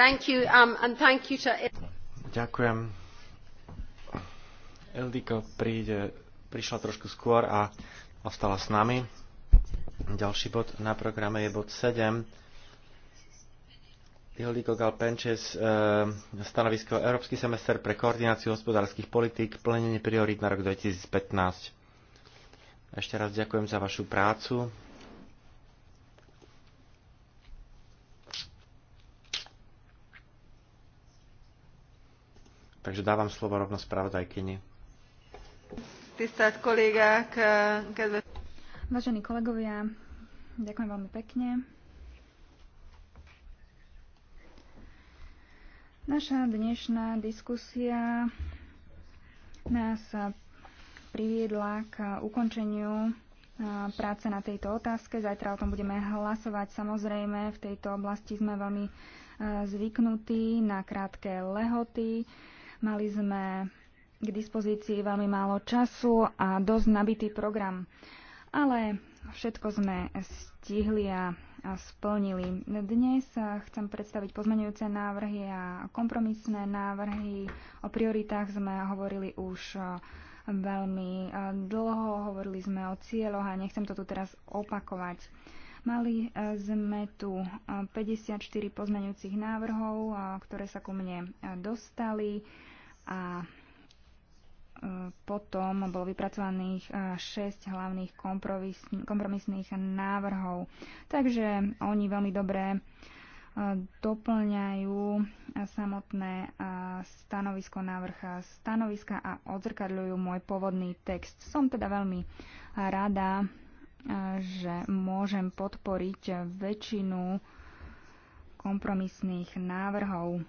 Um, ďakujem. Eldiko príde, prišla trošku skôr a ostala s nami. Ďalší bod na programe je bod 7. Ildiko Galpenčes, eh, stanovisko Európsky semester pre koordináciu hospodárskych politík, plnenie priorít na rok 2015. Ešte raz ďakujem za vašu prácu. Takže dávam slovo rovno spravodajkyni. Vážení kolegovia, ďakujem veľmi pekne. Naša dnešná diskusia nás priviedla k ukončeniu práce na tejto otázke. Zajtra o tom budeme hlasovať. Samozrejme, v tejto oblasti sme veľmi zvyknutí na krátke lehoty. Mali sme k dispozícii veľmi málo času a dosť nabitý program. Ale všetko sme stihli a splnili. Dnes chcem predstaviť pozmenujúce návrhy a kompromisné návrhy. O prioritách sme hovorili už veľmi dlho, hovorili sme o cieľoch a nechcem to tu teraz opakovať. Mali sme tu 54 pozmenujúcich návrhov, ktoré sa ku mne dostali a e, potom bolo vypracovaných 6 e, hlavných kompromisných návrhov. Takže oni veľmi dobre e, doplňajú samotné stanovisko, návrh stanoviska a odzrkadľujú môj pôvodný text. Som teda veľmi rada, že môžem podporiť väčšinu kompromisných návrhov.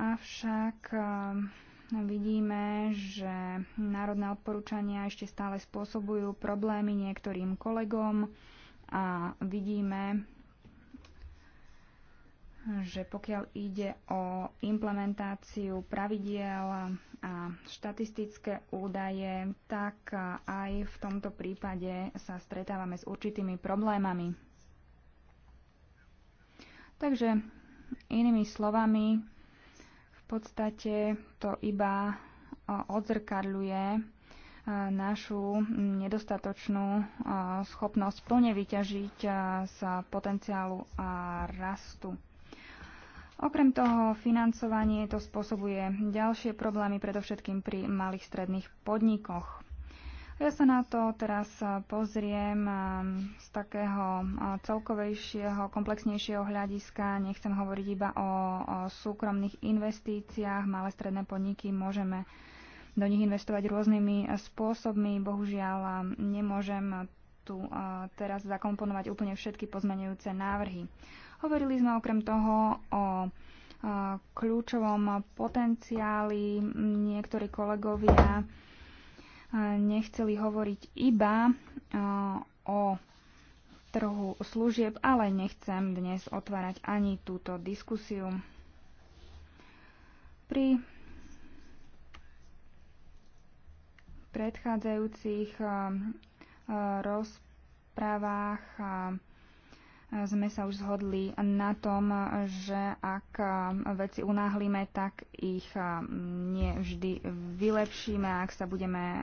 Avšak ehm, vidíme, že národné odporúčania ešte stále spôsobujú problémy niektorým kolegom a vidíme, že pokiaľ ide o implementáciu pravidiel a štatistické údaje, tak aj v tomto prípade sa stretávame s určitými problémami. Takže inými slovami, v podstate to iba e, odzrkadľuje e, našu nedostatočnú e, schopnosť plne vyťažiť z potenciálu a rastu. Okrem toho, financovanie to spôsobuje ďalšie problémy, predovšetkým pri malých stredných podnikoch. Ja sa na to teraz pozriem z takého celkovejšieho, komplexnejšieho hľadiska. Nechcem hovoriť iba o súkromných investíciách. Malé stredné podniky môžeme do nich investovať rôznymi spôsobmi. Bohužiaľ nemôžem tu teraz zakomponovať úplne všetky pozmenujúce návrhy. Hovorili sme okrem toho o kľúčovom potenciáli. Niektorí kolegovia nechceli hovoriť iba e, o trhu služieb, ale nechcem dnes otvárať ani túto diskusiu. Pri predchádzajúcich e, e, rozprávach sme sa už zhodli na tom, že ak eh, veci unáhlime, tak ich eh, nie vždy vylepšíme. Ak sa budeme eh,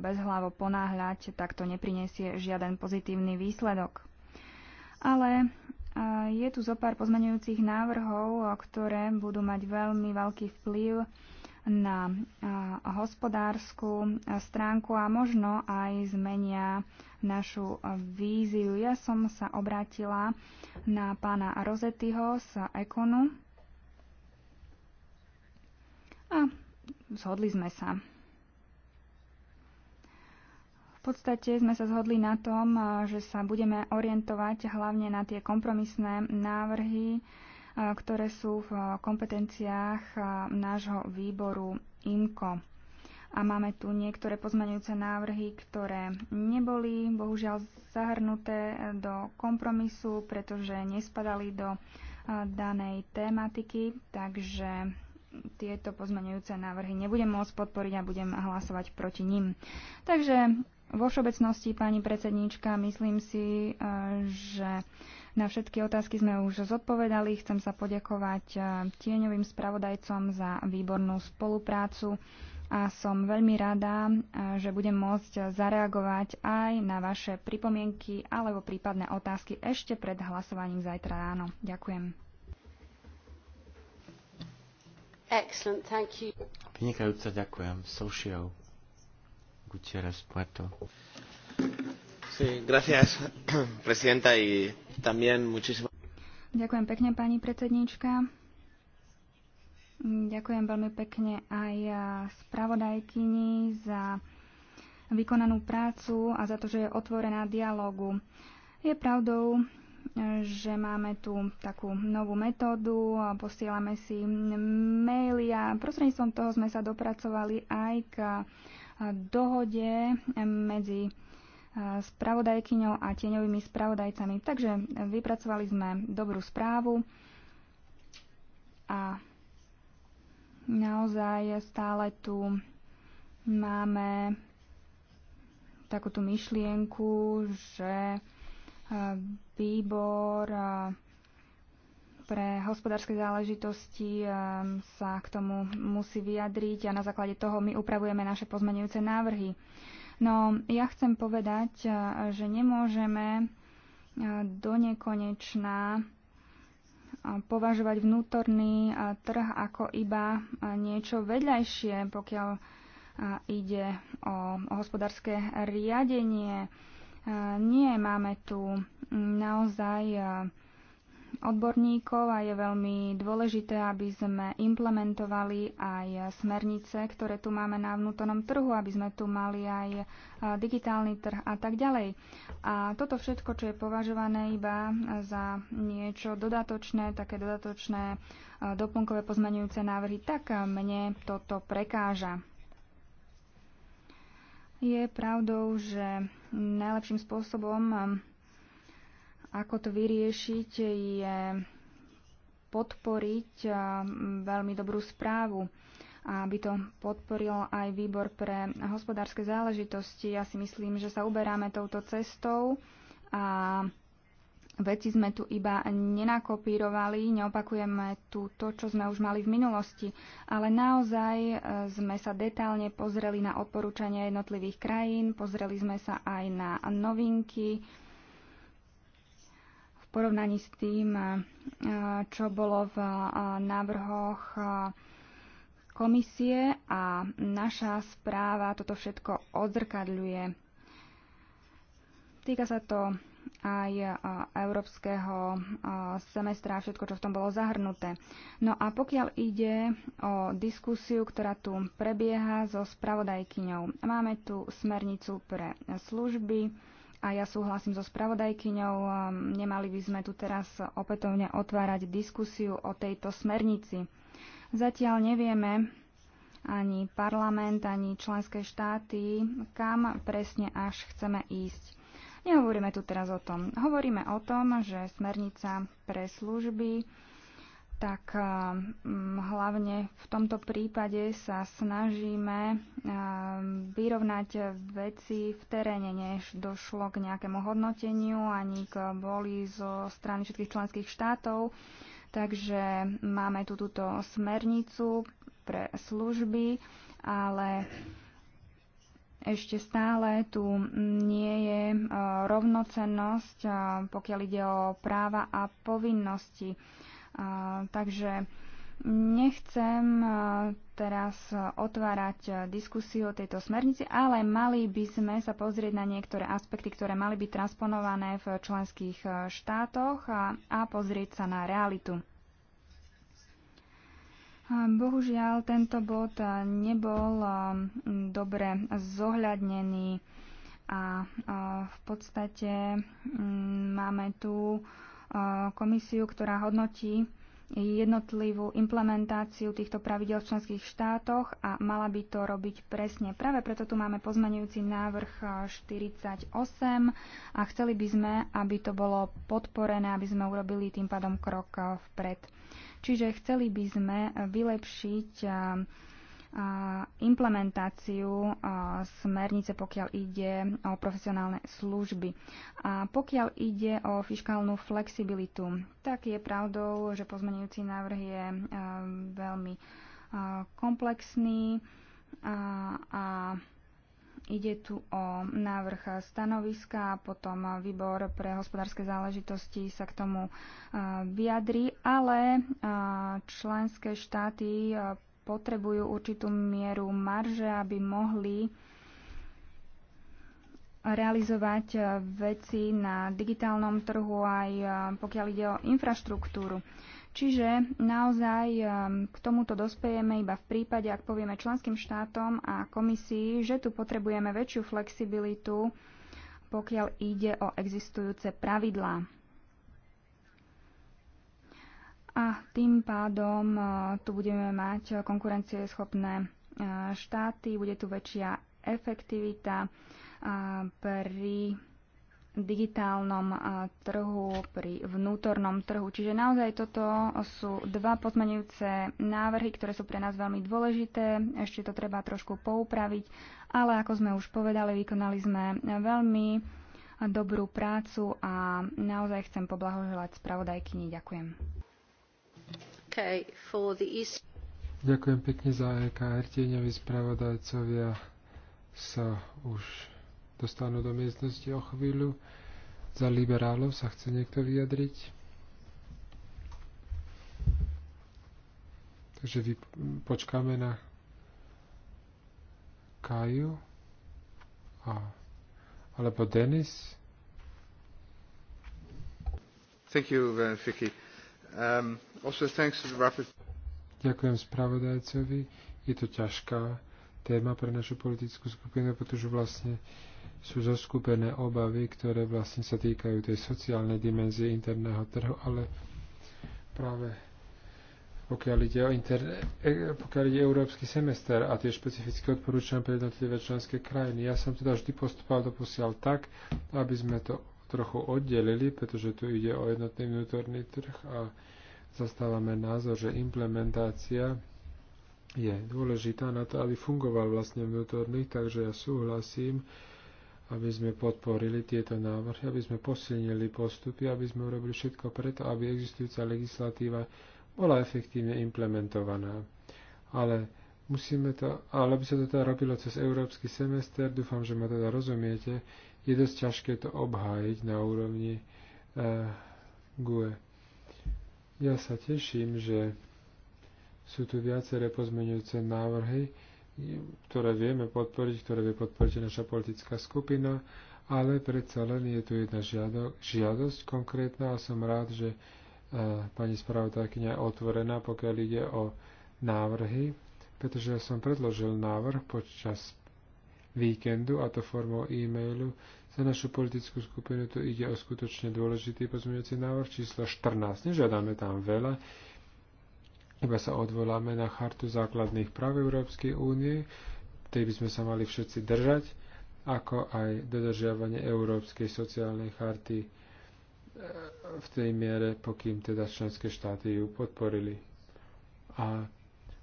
bezhlavo ponáhľať, tak to neprinesie žiaden pozitívny výsledok. Ale je tu zo pár pozmenujúcich návrhov, ktoré budú mať veľmi veľký vplyv na hospodárskú stránku a možno aj zmenia našu víziu. Ja som sa obrátila na pána Rozetyho z Ekonu a zhodli sme sa. V podstate sme sa zhodli na tom, že sa budeme orientovať hlavne na tie kompromisné návrhy, ktoré sú v kompetenciách nášho výboru IMCO a máme tu niektoré pozmeňujúce návrhy, ktoré neboli bohužiaľ zahrnuté do kompromisu, pretože nespadali do e, danej tematiky, takže tieto pozmeňujúce návrhy nebudem môcť podporiť a budem hlasovať proti ním. Takže vo všeobecnosti, pani predsedníčka, myslím si, e, že na všetky otázky sme už zodpovedali. Chcem sa podakovať e, tieňovým spravodajcom za výbornú spoluprácu a som veľmi rada, že budem môcť zareagovať aj na vaše pripomienky alebo prípadné otázky ešte pred hlasovaním zajtra ráno. Ďakujem. Excellent, thank you. Vynikajúce, ďakujem. Social. Gutierrez Puerto. Sí, gracias, presidenta, y también muchísimas... Ďakujem pekne, pani predsedníčka. Mm, ďakujem veľmi pekne aj eh, spravodajkyni za vykonanú prácu a za to, že je otvorená dialogu. Je pravdou, eh, že máme tu takú novú metódu, posielame si maily a prostredníctvom toho sme sa dopracovali aj k eh, dohode medzi spravodajkyňou a tieňovými spravodajcami. Takže vypracovali sme dobrú správu a Naozaj stále tu máme takúto myšlienku, že e, výbor e, pre hospodárske záležitosti e, sa k tomu musí vyjadriť a na základe toho my upravujeme naše pozmenujúce návrhy. No ja chcem povedať, že nemôžeme do nekonečna považovať vnútorný trh ako iba niečo vedľajšie, pokiaľ ide o hospodárske riadenie. Nie, máme tu naozaj odborníkov a je veľmi dôležité, aby sme implementovali aj smernice, ktoré tu máme na vnútornom trhu, aby sme tu mali aj digitálny trh a tak ďalej. A toto všetko, čo je považované iba za niečo dodatočné, také dodatočné doplnkové pozmenujúce návrhy, tak mne toto prekáža. Je pravdou, že najlepším spôsobom ako to vyriešiť je podporiť veľmi dobrú správu aby to podporil aj výbor pre hospodárske záležitosti. Ja si myslím, že sa uberáme touto cestou a veci sme tu iba nenakopírovali, neopakujeme tu to, čo sme už mali v minulosti, ale naozaj e, sme sa detálne pozreli na odporúčania jednotlivých krajín, pozreli sme sa aj na novinky, porovnaní s tým, čo bolo v návrhoch komisie a naša správa toto všetko odzrkadľuje. Týka sa to aj európskeho semestra a všetko, čo v tom bolo zahrnuté. No a pokiaľ ide o diskusiu, ktorá tu prebieha so spravodajkyňou, máme tu smernicu pre služby, a ja súhlasím so spravodajkyňou, um, nemali by sme tu teraz opätovne otvárať diskusiu o tejto smernici. Zatiaľ nevieme ani parlament, ani členské štáty, kam presne až chceme ísť. Nehovoríme tu teraz o tom. Hovoríme o tom, že smernica pre služby tak eh, hlavne v tomto prípade sa snažíme eh, vyrovnať veci v teréne, než došlo k nejakému hodnoteniu ani k boli zo strany všetkých členských štátov. Takže máme tu túto smernicu pre služby, ale ešte stále tu nie je eh, rovnocennosť, pokiaľ ide o práva a povinnosti Takže nechcem teraz otvárať diskusiu o tejto smernici, ale mali by sme sa pozrieť na niektoré aspekty, ktoré mali byť transponované v členských štátoch a, a pozrieť sa na realitu. Bohužiaľ, tento bod nebol dobre zohľadnený a v podstate máme tu komisiu, ktorá hodnotí jednotlivú implementáciu týchto pravidel v členských štátoch a mala by to robiť presne. Práve preto tu máme pozmenujúci návrh 48 a chceli by sme, aby to bolo podporené, aby sme urobili tým pádom krok vpred. Čiže chceli by sme vylepšiť implementáciu smernice, pokiaľ ide o profesionálne služby. A pokiaľ ide o fiskálnu flexibilitu, tak je pravdou, že pozmenujúci návrh je veľmi komplexný a, a Ide tu o návrh stanoviska a potom výbor pre hospodárske záležitosti sa k tomu vyjadri, ale členské štáty potrebujú určitú mieru marže, aby mohli realizovať eh, veci na digitálnom trhu aj eh, pokiaľ ide o infraštruktúru. Čiže naozaj eh, k tomuto dospejeme iba v prípade, ak povieme členským štátom a komisii, že tu potrebujeme väčšiu flexibilitu, pokiaľ ide o existujúce pravidlá. A tým pádom e, tu budeme mať konkurencieschopné e, štáty, bude tu väčšia efektivita e, pri digitálnom trhu, pri vnútornom trhu. Čiže naozaj toto sú dva pozmenujúce návrhy, ktoré sú pre nás veľmi dôležité. Ešte to treba trošku poupraviť, ale ako sme už povedali, vykonali sme veľmi dobrú prácu a naozaj chcem poblahoželať spravodajkyni. Ďakujem. Ďakujem pekne za EKR. Tieňoví spravodajcovia sa už dostanú do miestnosti o chvíľu. Za liberálov sa chce niekto vyjadriť? Takže vy, počkáme na Kaju a, alebo Denis. Thank you, uh, Vicky. Um, Ďakujem spravodajcovi. Je to ťažká téma pre našu politickú skupinu, pretože vlastne sú zoskupené obavy, ktoré vlastne sa týkajú tej sociálnej dimenzie interného trhu, ale práve pokiaľ ide, o inter, e, pokiaľ ide európsky semester a tie špecifické odporúčania pre jednotlivé členské krajiny. Ja som teda vždy postupoval do posiaľ tak, aby sme to trochu oddelili, pretože tu ide o jednotný vnútorný trh a zastávame názor, že implementácia je dôležitá na to, aby fungoval vlastne vnútorný, takže ja súhlasím, aby sme podporili tieto návrhy, aby sme posilnili postupy, aby sme urobili všetko preto, aby existujúca legislatíva bola efektívne implementovaná. Ale musíme to, ale by sa to teda robilo cez európsky semester, dúfam, že ma teda rozumiete, je dosť ťažké to obhájiť na úrovni uh, eh, GUE. Ja sa teším, že sú tu viaceré pozmeňujúce návrhy, ktoré vieme podporiť, ktoré vie podporiť naša politická skupina, ale predsa len je tu jedna žiado- žiadosť konkrétna a som rád, že uh, pani spravodajkynia je otvorená, pokiaľ ide o návrhy, pretože ja som predložil návrh počas víkendu, a to formou e-mailu za našu politickú skupinu tu ide o skutočne dôležitý pozmeňujúci návrh číslo 14. Nežiadame tam veľa, iba sa odvoláme na chartu základných práv Európskej únie, tej by sme sa mali všetci držať, ako aj dodržiavanie Európskej sociálnej charty e, v tej miere, pokým teda členské štáty ju podporili. A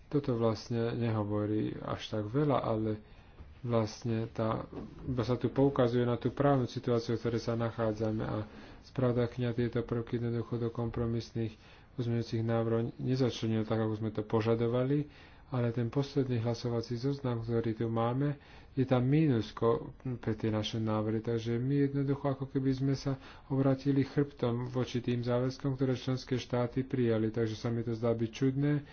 toto vlastne nehovorí až tak veľa, ale vlastne tá, iba sa tu poukazuje na tú právnu situáciu, v ktorej sa nachádzame a spravda kňa tieto prvky jednoducho do kompromisných uzmeňujúcich návrhov nezačlenil tak, ako sme to požadovali, ale ten posledný hlasovací zoznam, ktorý tu máme, je tam mínusko pre tie naše návrhy. Takže my jednoducho ako keby sme sa obratili chrbtom voči tým záväzkom, ktoré členské štáty prijali. Takže sa mi to zdá byť čudné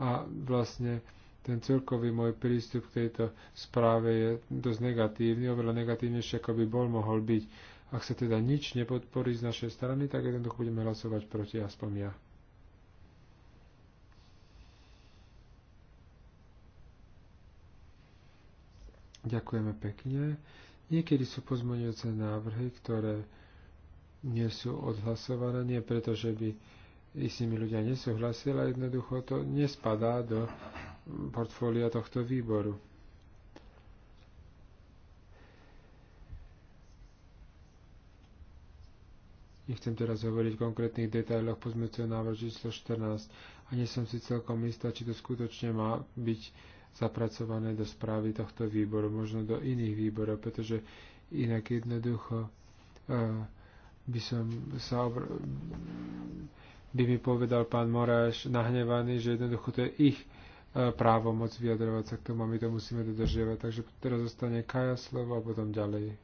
a vlastne ten celkový môj prístup k tejto správe je dosť negatívny, oveľa negatívnejšie, ako by bol mohol byť. Ak sa teda nič nepodporí z našej strany, tak jednoducho budeme hlasovať proti, aspoň ja. Ďakujeme pekne. Niekedy sú pozmeňujúce návrhy, ktoré nie sú odhlasované, nie preto, že by istými ľudia nesúhlasili, ale jednoducho to nespadá do portfólia tohto výboru. Nechcem teraz hovoriť v konkrétnych detailoch pozmeňujúceho návrhu číslo 14 a nie som si celkom istá, či to skutočne má byť zapracované do správy tohto výboru, možno do iných výborov, pretože inak jednoducho uh, by som sa obr- by mi povedal pán Moráš nahnevaný, že jednoducho to je ich E, právo moc vyjadrovať sa k tomu a my to musíme dodržiavať. Takže teraz zostane Kaja slovo a potom ďalej.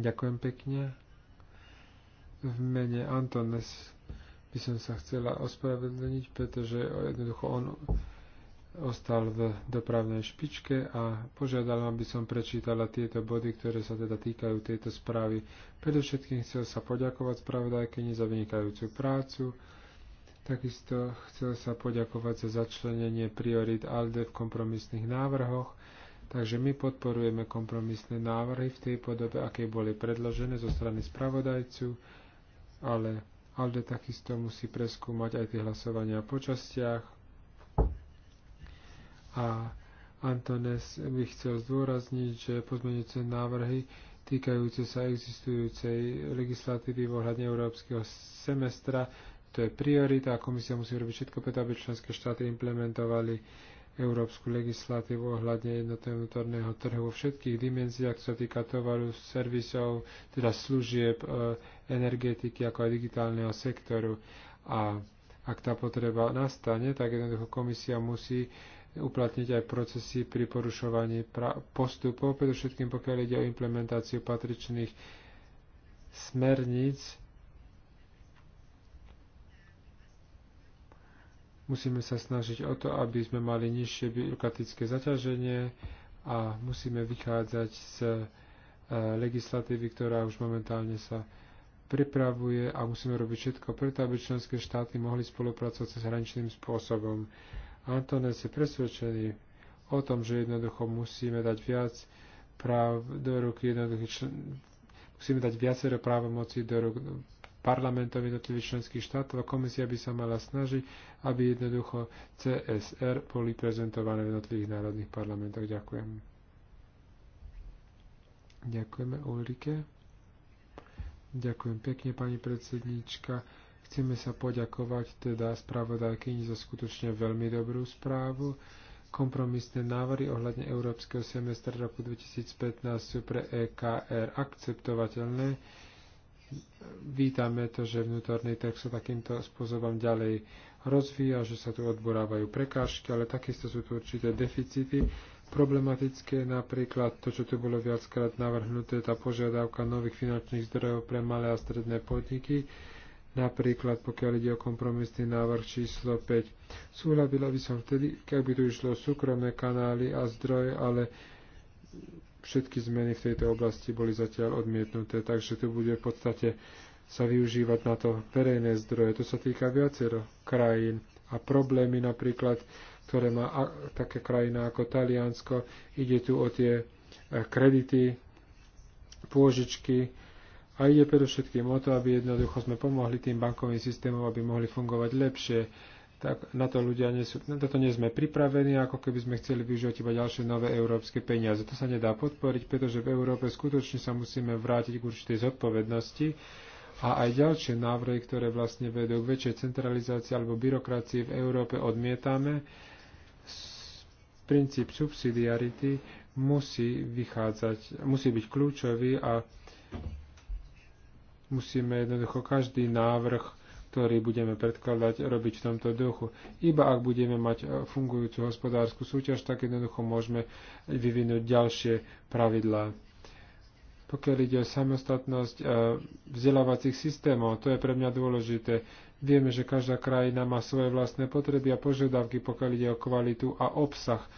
Ďakujem pekne. V mene Antones by som sa chcela ospravedlniť, pretože jednoducho on ostal v dopravnej špičke a požiadal aby som prečítala tieto body, ktoré sa teda týkajú tejto správy. Predovšetkým chcel sa poďakovať spravodajkyni za vynikajúcu prácu, Takisto chcel sa poďakovať za začlenenie priorit ALDE v kompromisných návrhoch. Takže my podporujeme kompromisné návrhy v tej podobe, aké boli predložené zo strany spravodajcu, ale ALDE takisto musí preskúmať aj tie hlasovania po častiach. A Antones by chcel zdôrazniť, že pozmeňujúce návrhy týkajúce sa existujúcej legislatívy v ohľadne európskeho semestra to je priorita a komisia musí robiť všetko preto, aby členské štáty implementovali európsku legislatívu ohľadne jednotného vnútorného trhu vo všetkých dimenziách, čo sa týka tovaru, servisov, teda služieb, e, energetiky, ako aj digitálneho sektoru. A ak tá potreba nastane, tak jednoducho komisia musí uplatniť aj procesy pri porušovaní postupov, predovšetkým pokiaľ ide o implementáciu patričných smerníc Musíme sa snažiť o to, aby sme mali nižšie byrokratické zaťaženie a musíme vychádzať z e, legislatívy, ktorá už momentálne sa pripravuje a musíme robiť všetko preto, aby členské štáty mohli spolupracovať s hraničným spôsobom. Antones je presvedčený o tom, že jednoducho musíme dať viac práv do ruky jednoduchých člen... musíme dať viacero právomocí do ruky parlamentov jednotlivých členských štátov a komisia by sa mala snažiť, aby jednoducho CSR boli prezentované v jednotlivých národných parlamentoch. Ďakujem. Ďakujeme Ulrike. Ďakujem pekne, pani predsednička. Chceme sa poďakovať teda spravodajkyni za skutočne veľmi dobrú správu. Kompromisné návrhy ohľadne Európskeho semestra roku 2015 sú pre EKR akceptovateľné vítame to, že vnútorný text sa takýmto spôsobom ďalej rozvíja, že sa tu odborávajú prekážky, ale takisto sú tu určité deficity problematické, napríklad to, čo tu bolo viackrát navrhnuté, tá požiadavka nových finančných zdrojov pre malé a stredné podniky, napríklad pokiaľ ide o kompromisný návrh číslo 5. Súhľadila by som vtedy, keby tu išlo súkromné kanály a zdroje, ale všetky zmeny v tejto oblasti boli zatiaľ odmietnuté, takže tu bude v podstate sa využívať na to verejné zdroje. To sa týka viacero krajín a problémy napríklad, ktoré má také krajina ako Taliansko. Ide tu o tie e, kredity, pôžičky a ide predovšetkým o to, aby jednoducho sme pomohli tým bankovým systémom, aby mohli fungovať lepšie tak na to ľudia nie sú, na toto nie sme pripravení, ako keby sme chceli využívať iba ďalšie nové európske peniaze. To sa nedá podporiť, pretože v Európe skutočne sa musíme vrátiť k určitej zodpovednosti a aj ďalšie návrhy, ktoré vlastne vedú k väčšej centralizácii alebo byrokracii v Európe odmietame. Princíp subsidiarity musí vychádzať, musí byť kľúčový a musíme jednoducho každý návrh ktorý budeme predkladať, robiť v tomto duchu. Iba ak budeme mať e, fungujúcu hospodárskú súťaž, tak jednoducho môžeme vyvinúť ďalšie pravidlá. Pokiaľ ide o samostatnosť e, vzdelávacích systémov, to je pre mňa dôležité. Vieme, že každá krajina má svoje vlastné potreby a požiadavky, pokiaľ ide o kvalitu a obsah e,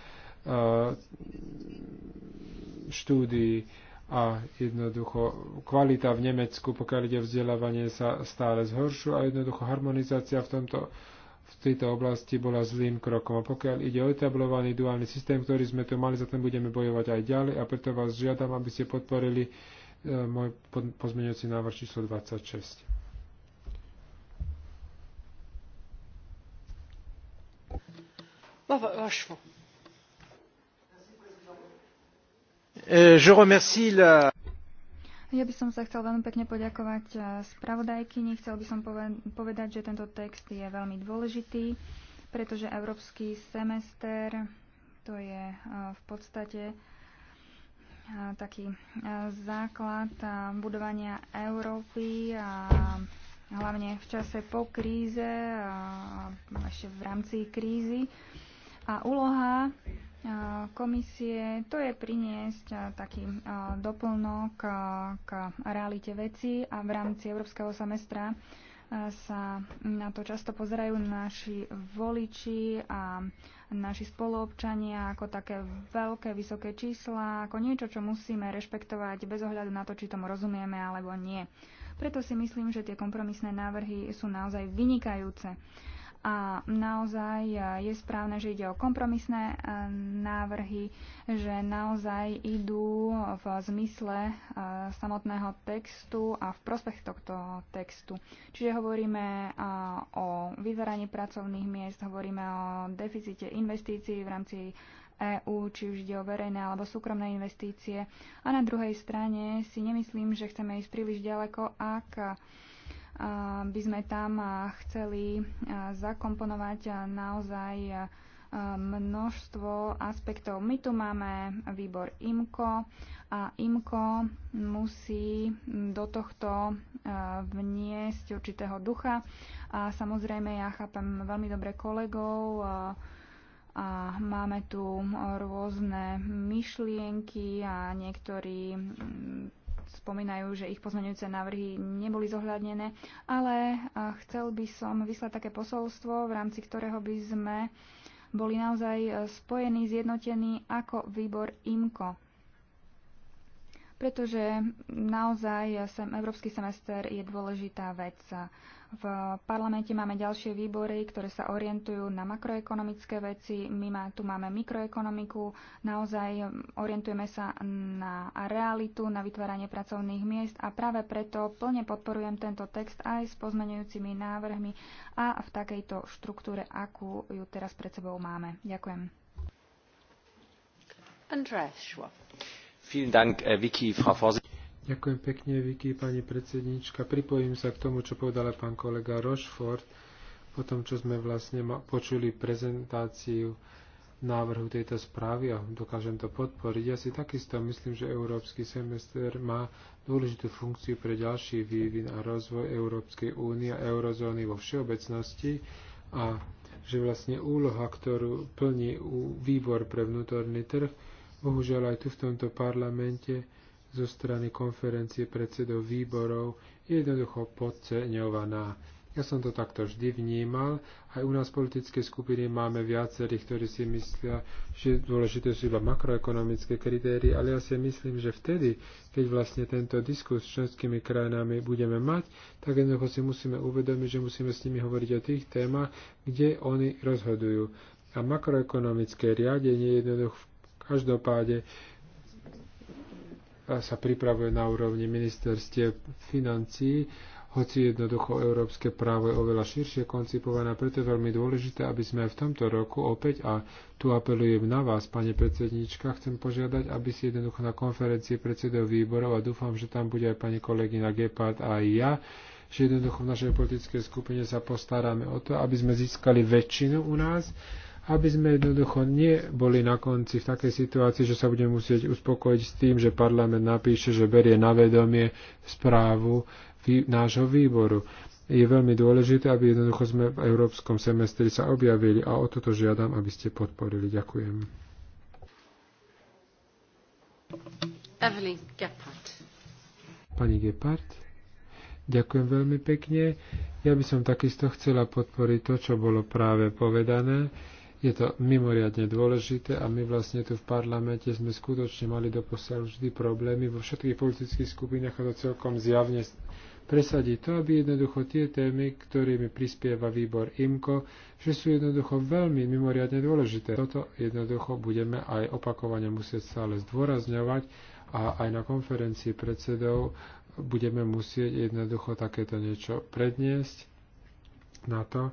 štúdií a jednoducho kvalita v Nemecku, pokiaľ ide vzdelávanie, sa stále zhoršuje a jednoducho harmonizácia v, tomto, v tejto oblasti bola zlým krokom. A pokiaľ ide o etablovaný duálny systém, ktorý sme tu mali, za ten budeme bojovať aj ďalej a preto vás žiadam, aby ste podporili e, môj pozmeňujúci návrh číslo 26. Vašvo. E, ja by som sa chcel veľmi pekne poďakovať e, spravodajkyni. Chcel by som povedať, že tento text je veľmi dôležitý, pretože európsky semester to je e, v podstate taký základ budovania Európy a hlavne v čase po kríze a ešte v rámci krízy. A úloha komisie, to je priniesť taký doplnok k realite veci a v rámci Európskeho semestra sa na to často pozerajú naši voliči a naši spoluobčania ako také veľké, vysoké čísla, ako niečo, čo musíme rešpektovať bez ohľadu na to, či tomu rozumieme alebo nie. Preto si myslím, že tie kompromisné návrhy sú naozaj vynikajúce a naozaj e, je správne, že ide o kompromisné e, návrhy, že naozaj idú v zmysle e, samotného textu a v prospech tohto textu. Čiže hovoríme o vyzeraní pracovných miest, hovoríme o deficite investícií v rámci EU, či už ide o verejné alebo súkromné investície. A na druhej strane si nemyslím, že chceme ísť príliš ďaleko, ak by sme tam chceli zakomponovať naozaj množstvo aspektov. My tu máme výbor IMKO a IMKO musí do tohto vniesť určitého ducha. A samozrejme, ja chápem veľmi dobre kolegov a máme tu rôzne myšlienky a niektorí spomínajú, že ich pozmeňujúce návrhy neboli zohľadnené, ale chcel by som vyslať také posolstvo, v rámci ktorého by sme boli naozaj e, spojení, zjednotení ako výbor IMCO. Pretože naozaj e, sem, európsky semester je dôležitá vec. V parlamente máme ďalšie výbory, ktoré sa orientujú na makroekonomické veci. My má, tu máme mikroekonomiku. Naozaj orientujeme sa na realitu, na vytváranie pracovných miest a práve preto plne podporujem tento text aj s pozmenujúcimi návrhmi a v takejto štruktúre, akú ju teraz pred sebou máme. Ďakujem. Andreas Schwab. Vielen Dank, äh, Vicky, Frau Vorsitzende. Ďakujem pekne, Vicky, pani predsednička. Pripojím sa k tomu, čo povedal pán kolega Rochefort po tom, čo sme vlastne počuli prezentáciu návrhu tejto správy a dokážem to podporiť. Ja si takisto myslím, že Európsky semester má dôležitú funkciu pre ďalší vývin a rozvoj Európskej únie a eurozóny vo všeobecnosti a že vlastne úloha, ktorú plní výbor pre vnútorný trh, bohužiaľ aj tu v tomto parlamente, zo strany konferencie predsedov výborov je jednoducho podceňovaná. Ja som to takto vždy vnímal. Aj u nás politické skupiny máme viacerých, ktorí si myslia, že dôležité sú iba makroekonomické kritérie, ale ja si myslím, že vtedy, keď vlastne tento diskus s členskými krajinami budeme mať, tak jednoducho si musíme uvedomiť, že musíme s nimi hovoriť o tých témach, kde oni rozhodujú. A makroekonomické riadenie jednoducho v každopáde sa pripravuje na úrovni ministerstie financí, hoci jednoducho európske právo je oveľa širšie koncipované, preto je veľmi dôležité, aby sme aj v tomto roku opäť, a tu apelujem na vás, pani predsednička, chcem požiadať, aby si jednoducho na konferencii predsedov výborov, a dúfam, že tam bude aj pani kolegyna Gepard a aj ja, že jednoducho v našej politickej skupine sa postaráme o to, aby sme získali väčšinu u nás, aby sme jednoducho neboli na konci v takej situácii, že sa budeme musieť uspokojiť s tým, že parlament napíše, že berie na vedomie správu vý, nášho výboru. Je veľmi dôležité, aby jednoducho sme v európskom semestri sa objavili a o toto žiadam, aby ste podporili. Ďakujem. Evelyn Gephardt. Pani Gephardt. Ďakujem veľmi pekne. Ja by som takisto chcela podporiť to, čo bolo práve povedané. Je to mimoriadne dôležité a my vlastne tu v parlamente sme skutočne mali doposiaľ vždy problémy vo všetkých politických skupinách a to celkom zjavne presadiť to, aby jednoducho tie témy, ktorými prispieva výbor IMKO, že sú jednoducho veľmi mimoriadne dôležité. Toto jednoducho budeme aj opakovane musieť stále zdôrazňovať a aj na konferencii predsedov budeme musieť jednoducho takéto niečo predniesť na to,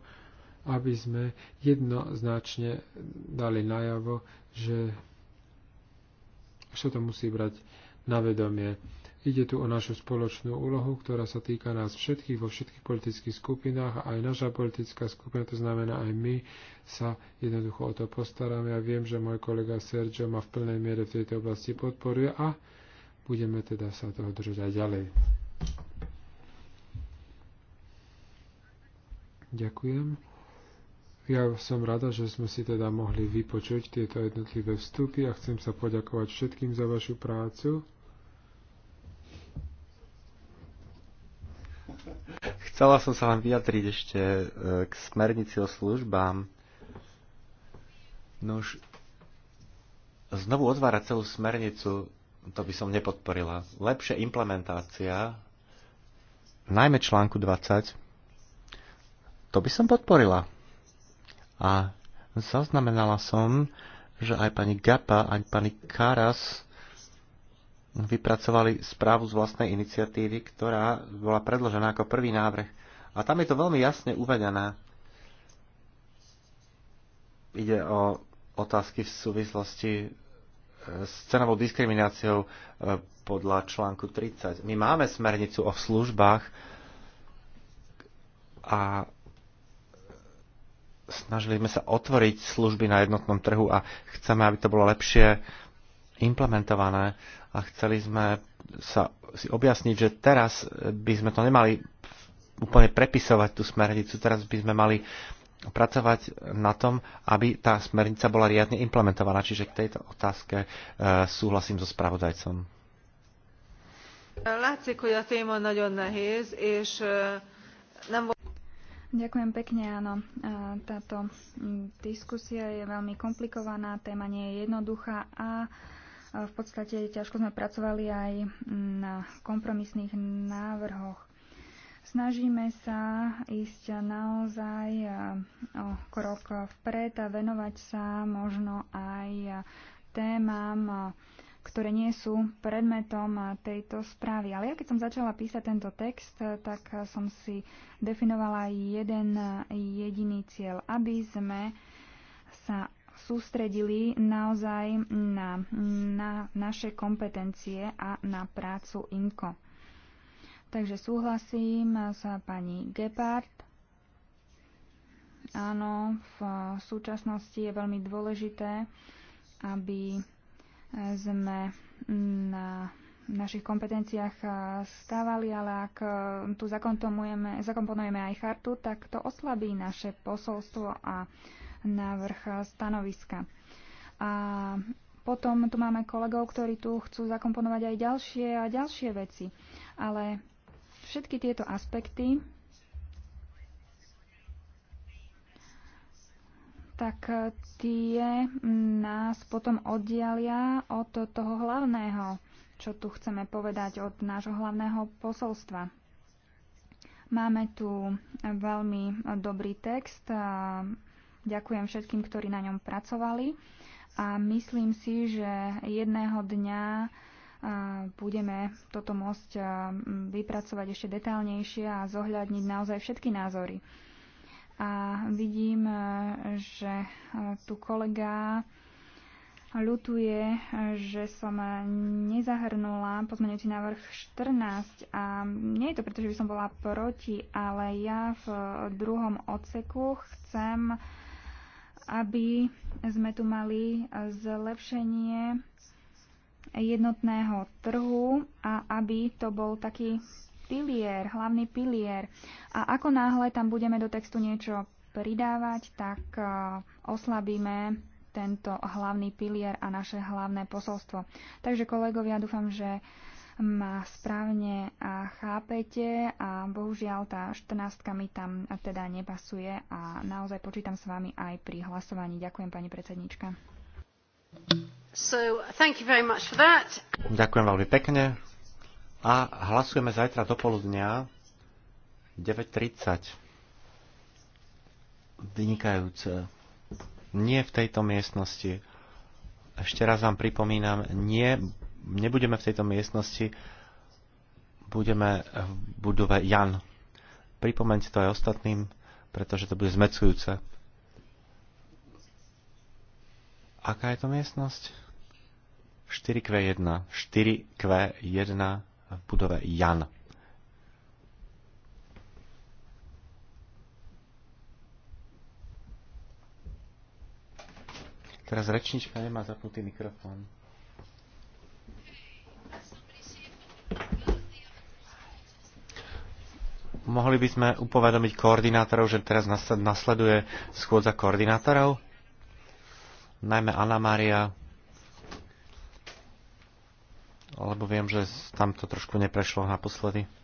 aby sme jednoznačne dali najavo, že sa to musí brať na vedomie. Ide tu o našu spoločnú úlohu, ktorá sa týka nás všetkých vo všetkých politických skupinách a aj naša politická skupina, to znamená aj my sa jednoducho o to postaráme. Ja viem, že môj kolega Sergio ma v plnej miere v tejto oblasti podporuje a budeme teda sa toho držať aj ďalej. Ďakujem. Ja som rada, že sme si teda mohli vypočuť tieto jednotlivé vstupy a chcem sa poďakovať všetkým za vašu prácu. Chcela som sa vám vyjadriť ešte e, k smernici o službám. Nož, znovu otvárať celú smernicu, to by som nepodporila. Lepšia implementácia, najmä článku 20, to by som podporila. A zaznamenala som, že aj pani Gapa, aj pani Karas vypracovali správu z vlastnej iniciatívy, ktorá bola predložená ako prvý návrh. A tam je to veľmi jasne uvedené. Ide o otázky v súvislosti e, s cenovou diskrimináciou e, podľa článku 30. My máme smernicu o službách a snažili sme sa otvoriť služby na jednotnom trhu a chceme, aby to bolo lepšie implementované a chceli sme sa si objasniť, že teraz by sme to nemali úplne prepisovať tú smernicu, teraz by sme mali pracovať na tom, aby tá smernica bola riadne implementovaná. Čiže k tejto otázke e, súhlasím so spravodajcom. Látszik, hogy a téma nagyon nehéz, és e, nem Ďakujem pekne, áno. Táto mm, diskusia je veľmi komplikovaná, téma nie je jednoduchá a v podstate ťažko sme pracovali aj mm, na kompromisných návrhoch. Snažíme sa ísť naozaj o krok vpred a venovať sa možno aj témam, ktoré nie sú predmetom eh, tejto správy. Ale ja keď som začala písať tento text, eh, tak eh, som si definovala jeden jediný cieľ, aby sme sa sústredili naozaj na, na naše kompetencie a na prácu INKO. Takže súhlasím s pani Gepard. Áno, v súčasnosti je veľmi dôležité, aby sme na našich kompetenciách eh, stávali, ale ak eh, tu zakomponujeme aj chartu, tak to oslabí naše posolstvo a návrh stanoviska. A potom tu máme kolegov, ktorí tu chcú zakomponovať aj ďalšie a ďalšie veci. Ale všetky tieto aspekty tak eh, tie nás potom oddialia od toho hlavného, čo tu chceme povedať, od nášho hlavného posolstva. Máme tu veľmi dobrý text. Ďakujem všetkým, ktorí na ňom pracovali. A myslím si, že jedného dňa eh, budeme toto môcť eh, vypracovať ešte detálnejšie a zohľadniť naozaj všetky názory. A vidím, e, že e, tu kolega ľutuje, že som nezahrnula pozmeňujúci návrh 14 a nie je to preto, že by som bola proti, ale ja v druhom odseku chcem, aby sme tu mali zlepšenie jednotného trhu a aby to bol taký pilier, hlavný pilier. A ako náhle tam budeme do textu niečo pridávať, tak e, oslabíme tento hlavný pilier a naše hlavné posolstvo. Takže kolegovia, dúfam, že ma správne a chápete a bohužiaľ tá 14 mi tam teda nepasuje a naozaj počítam s vami aj pri hlasovaní. Ďakujem pani predsednička. So, thank you very much for that. Ďakujem veľmi pekne a hlasujeme zajtra do poludnia 9.30. Vynikajúce. Nie v tejto miestnosti. Ešte raz vám pripomínam, nie, nebudeme v tejto miestnosti, budeme v budove Jan. Pripomeňte to aj ostatným, pretože to bude zmecujúce. Aká je to miestnosť? 4Q1. 4Q1 v budove Jan. Teraz rečnička nemá zapnutý mikrofón. Mohli by sme upovedomiť koordinátorov, že teraz nasleduje schôdza koordinátorov? Najmä Anna Maria lebo viem, že tam to trošku neprešlo naposledy.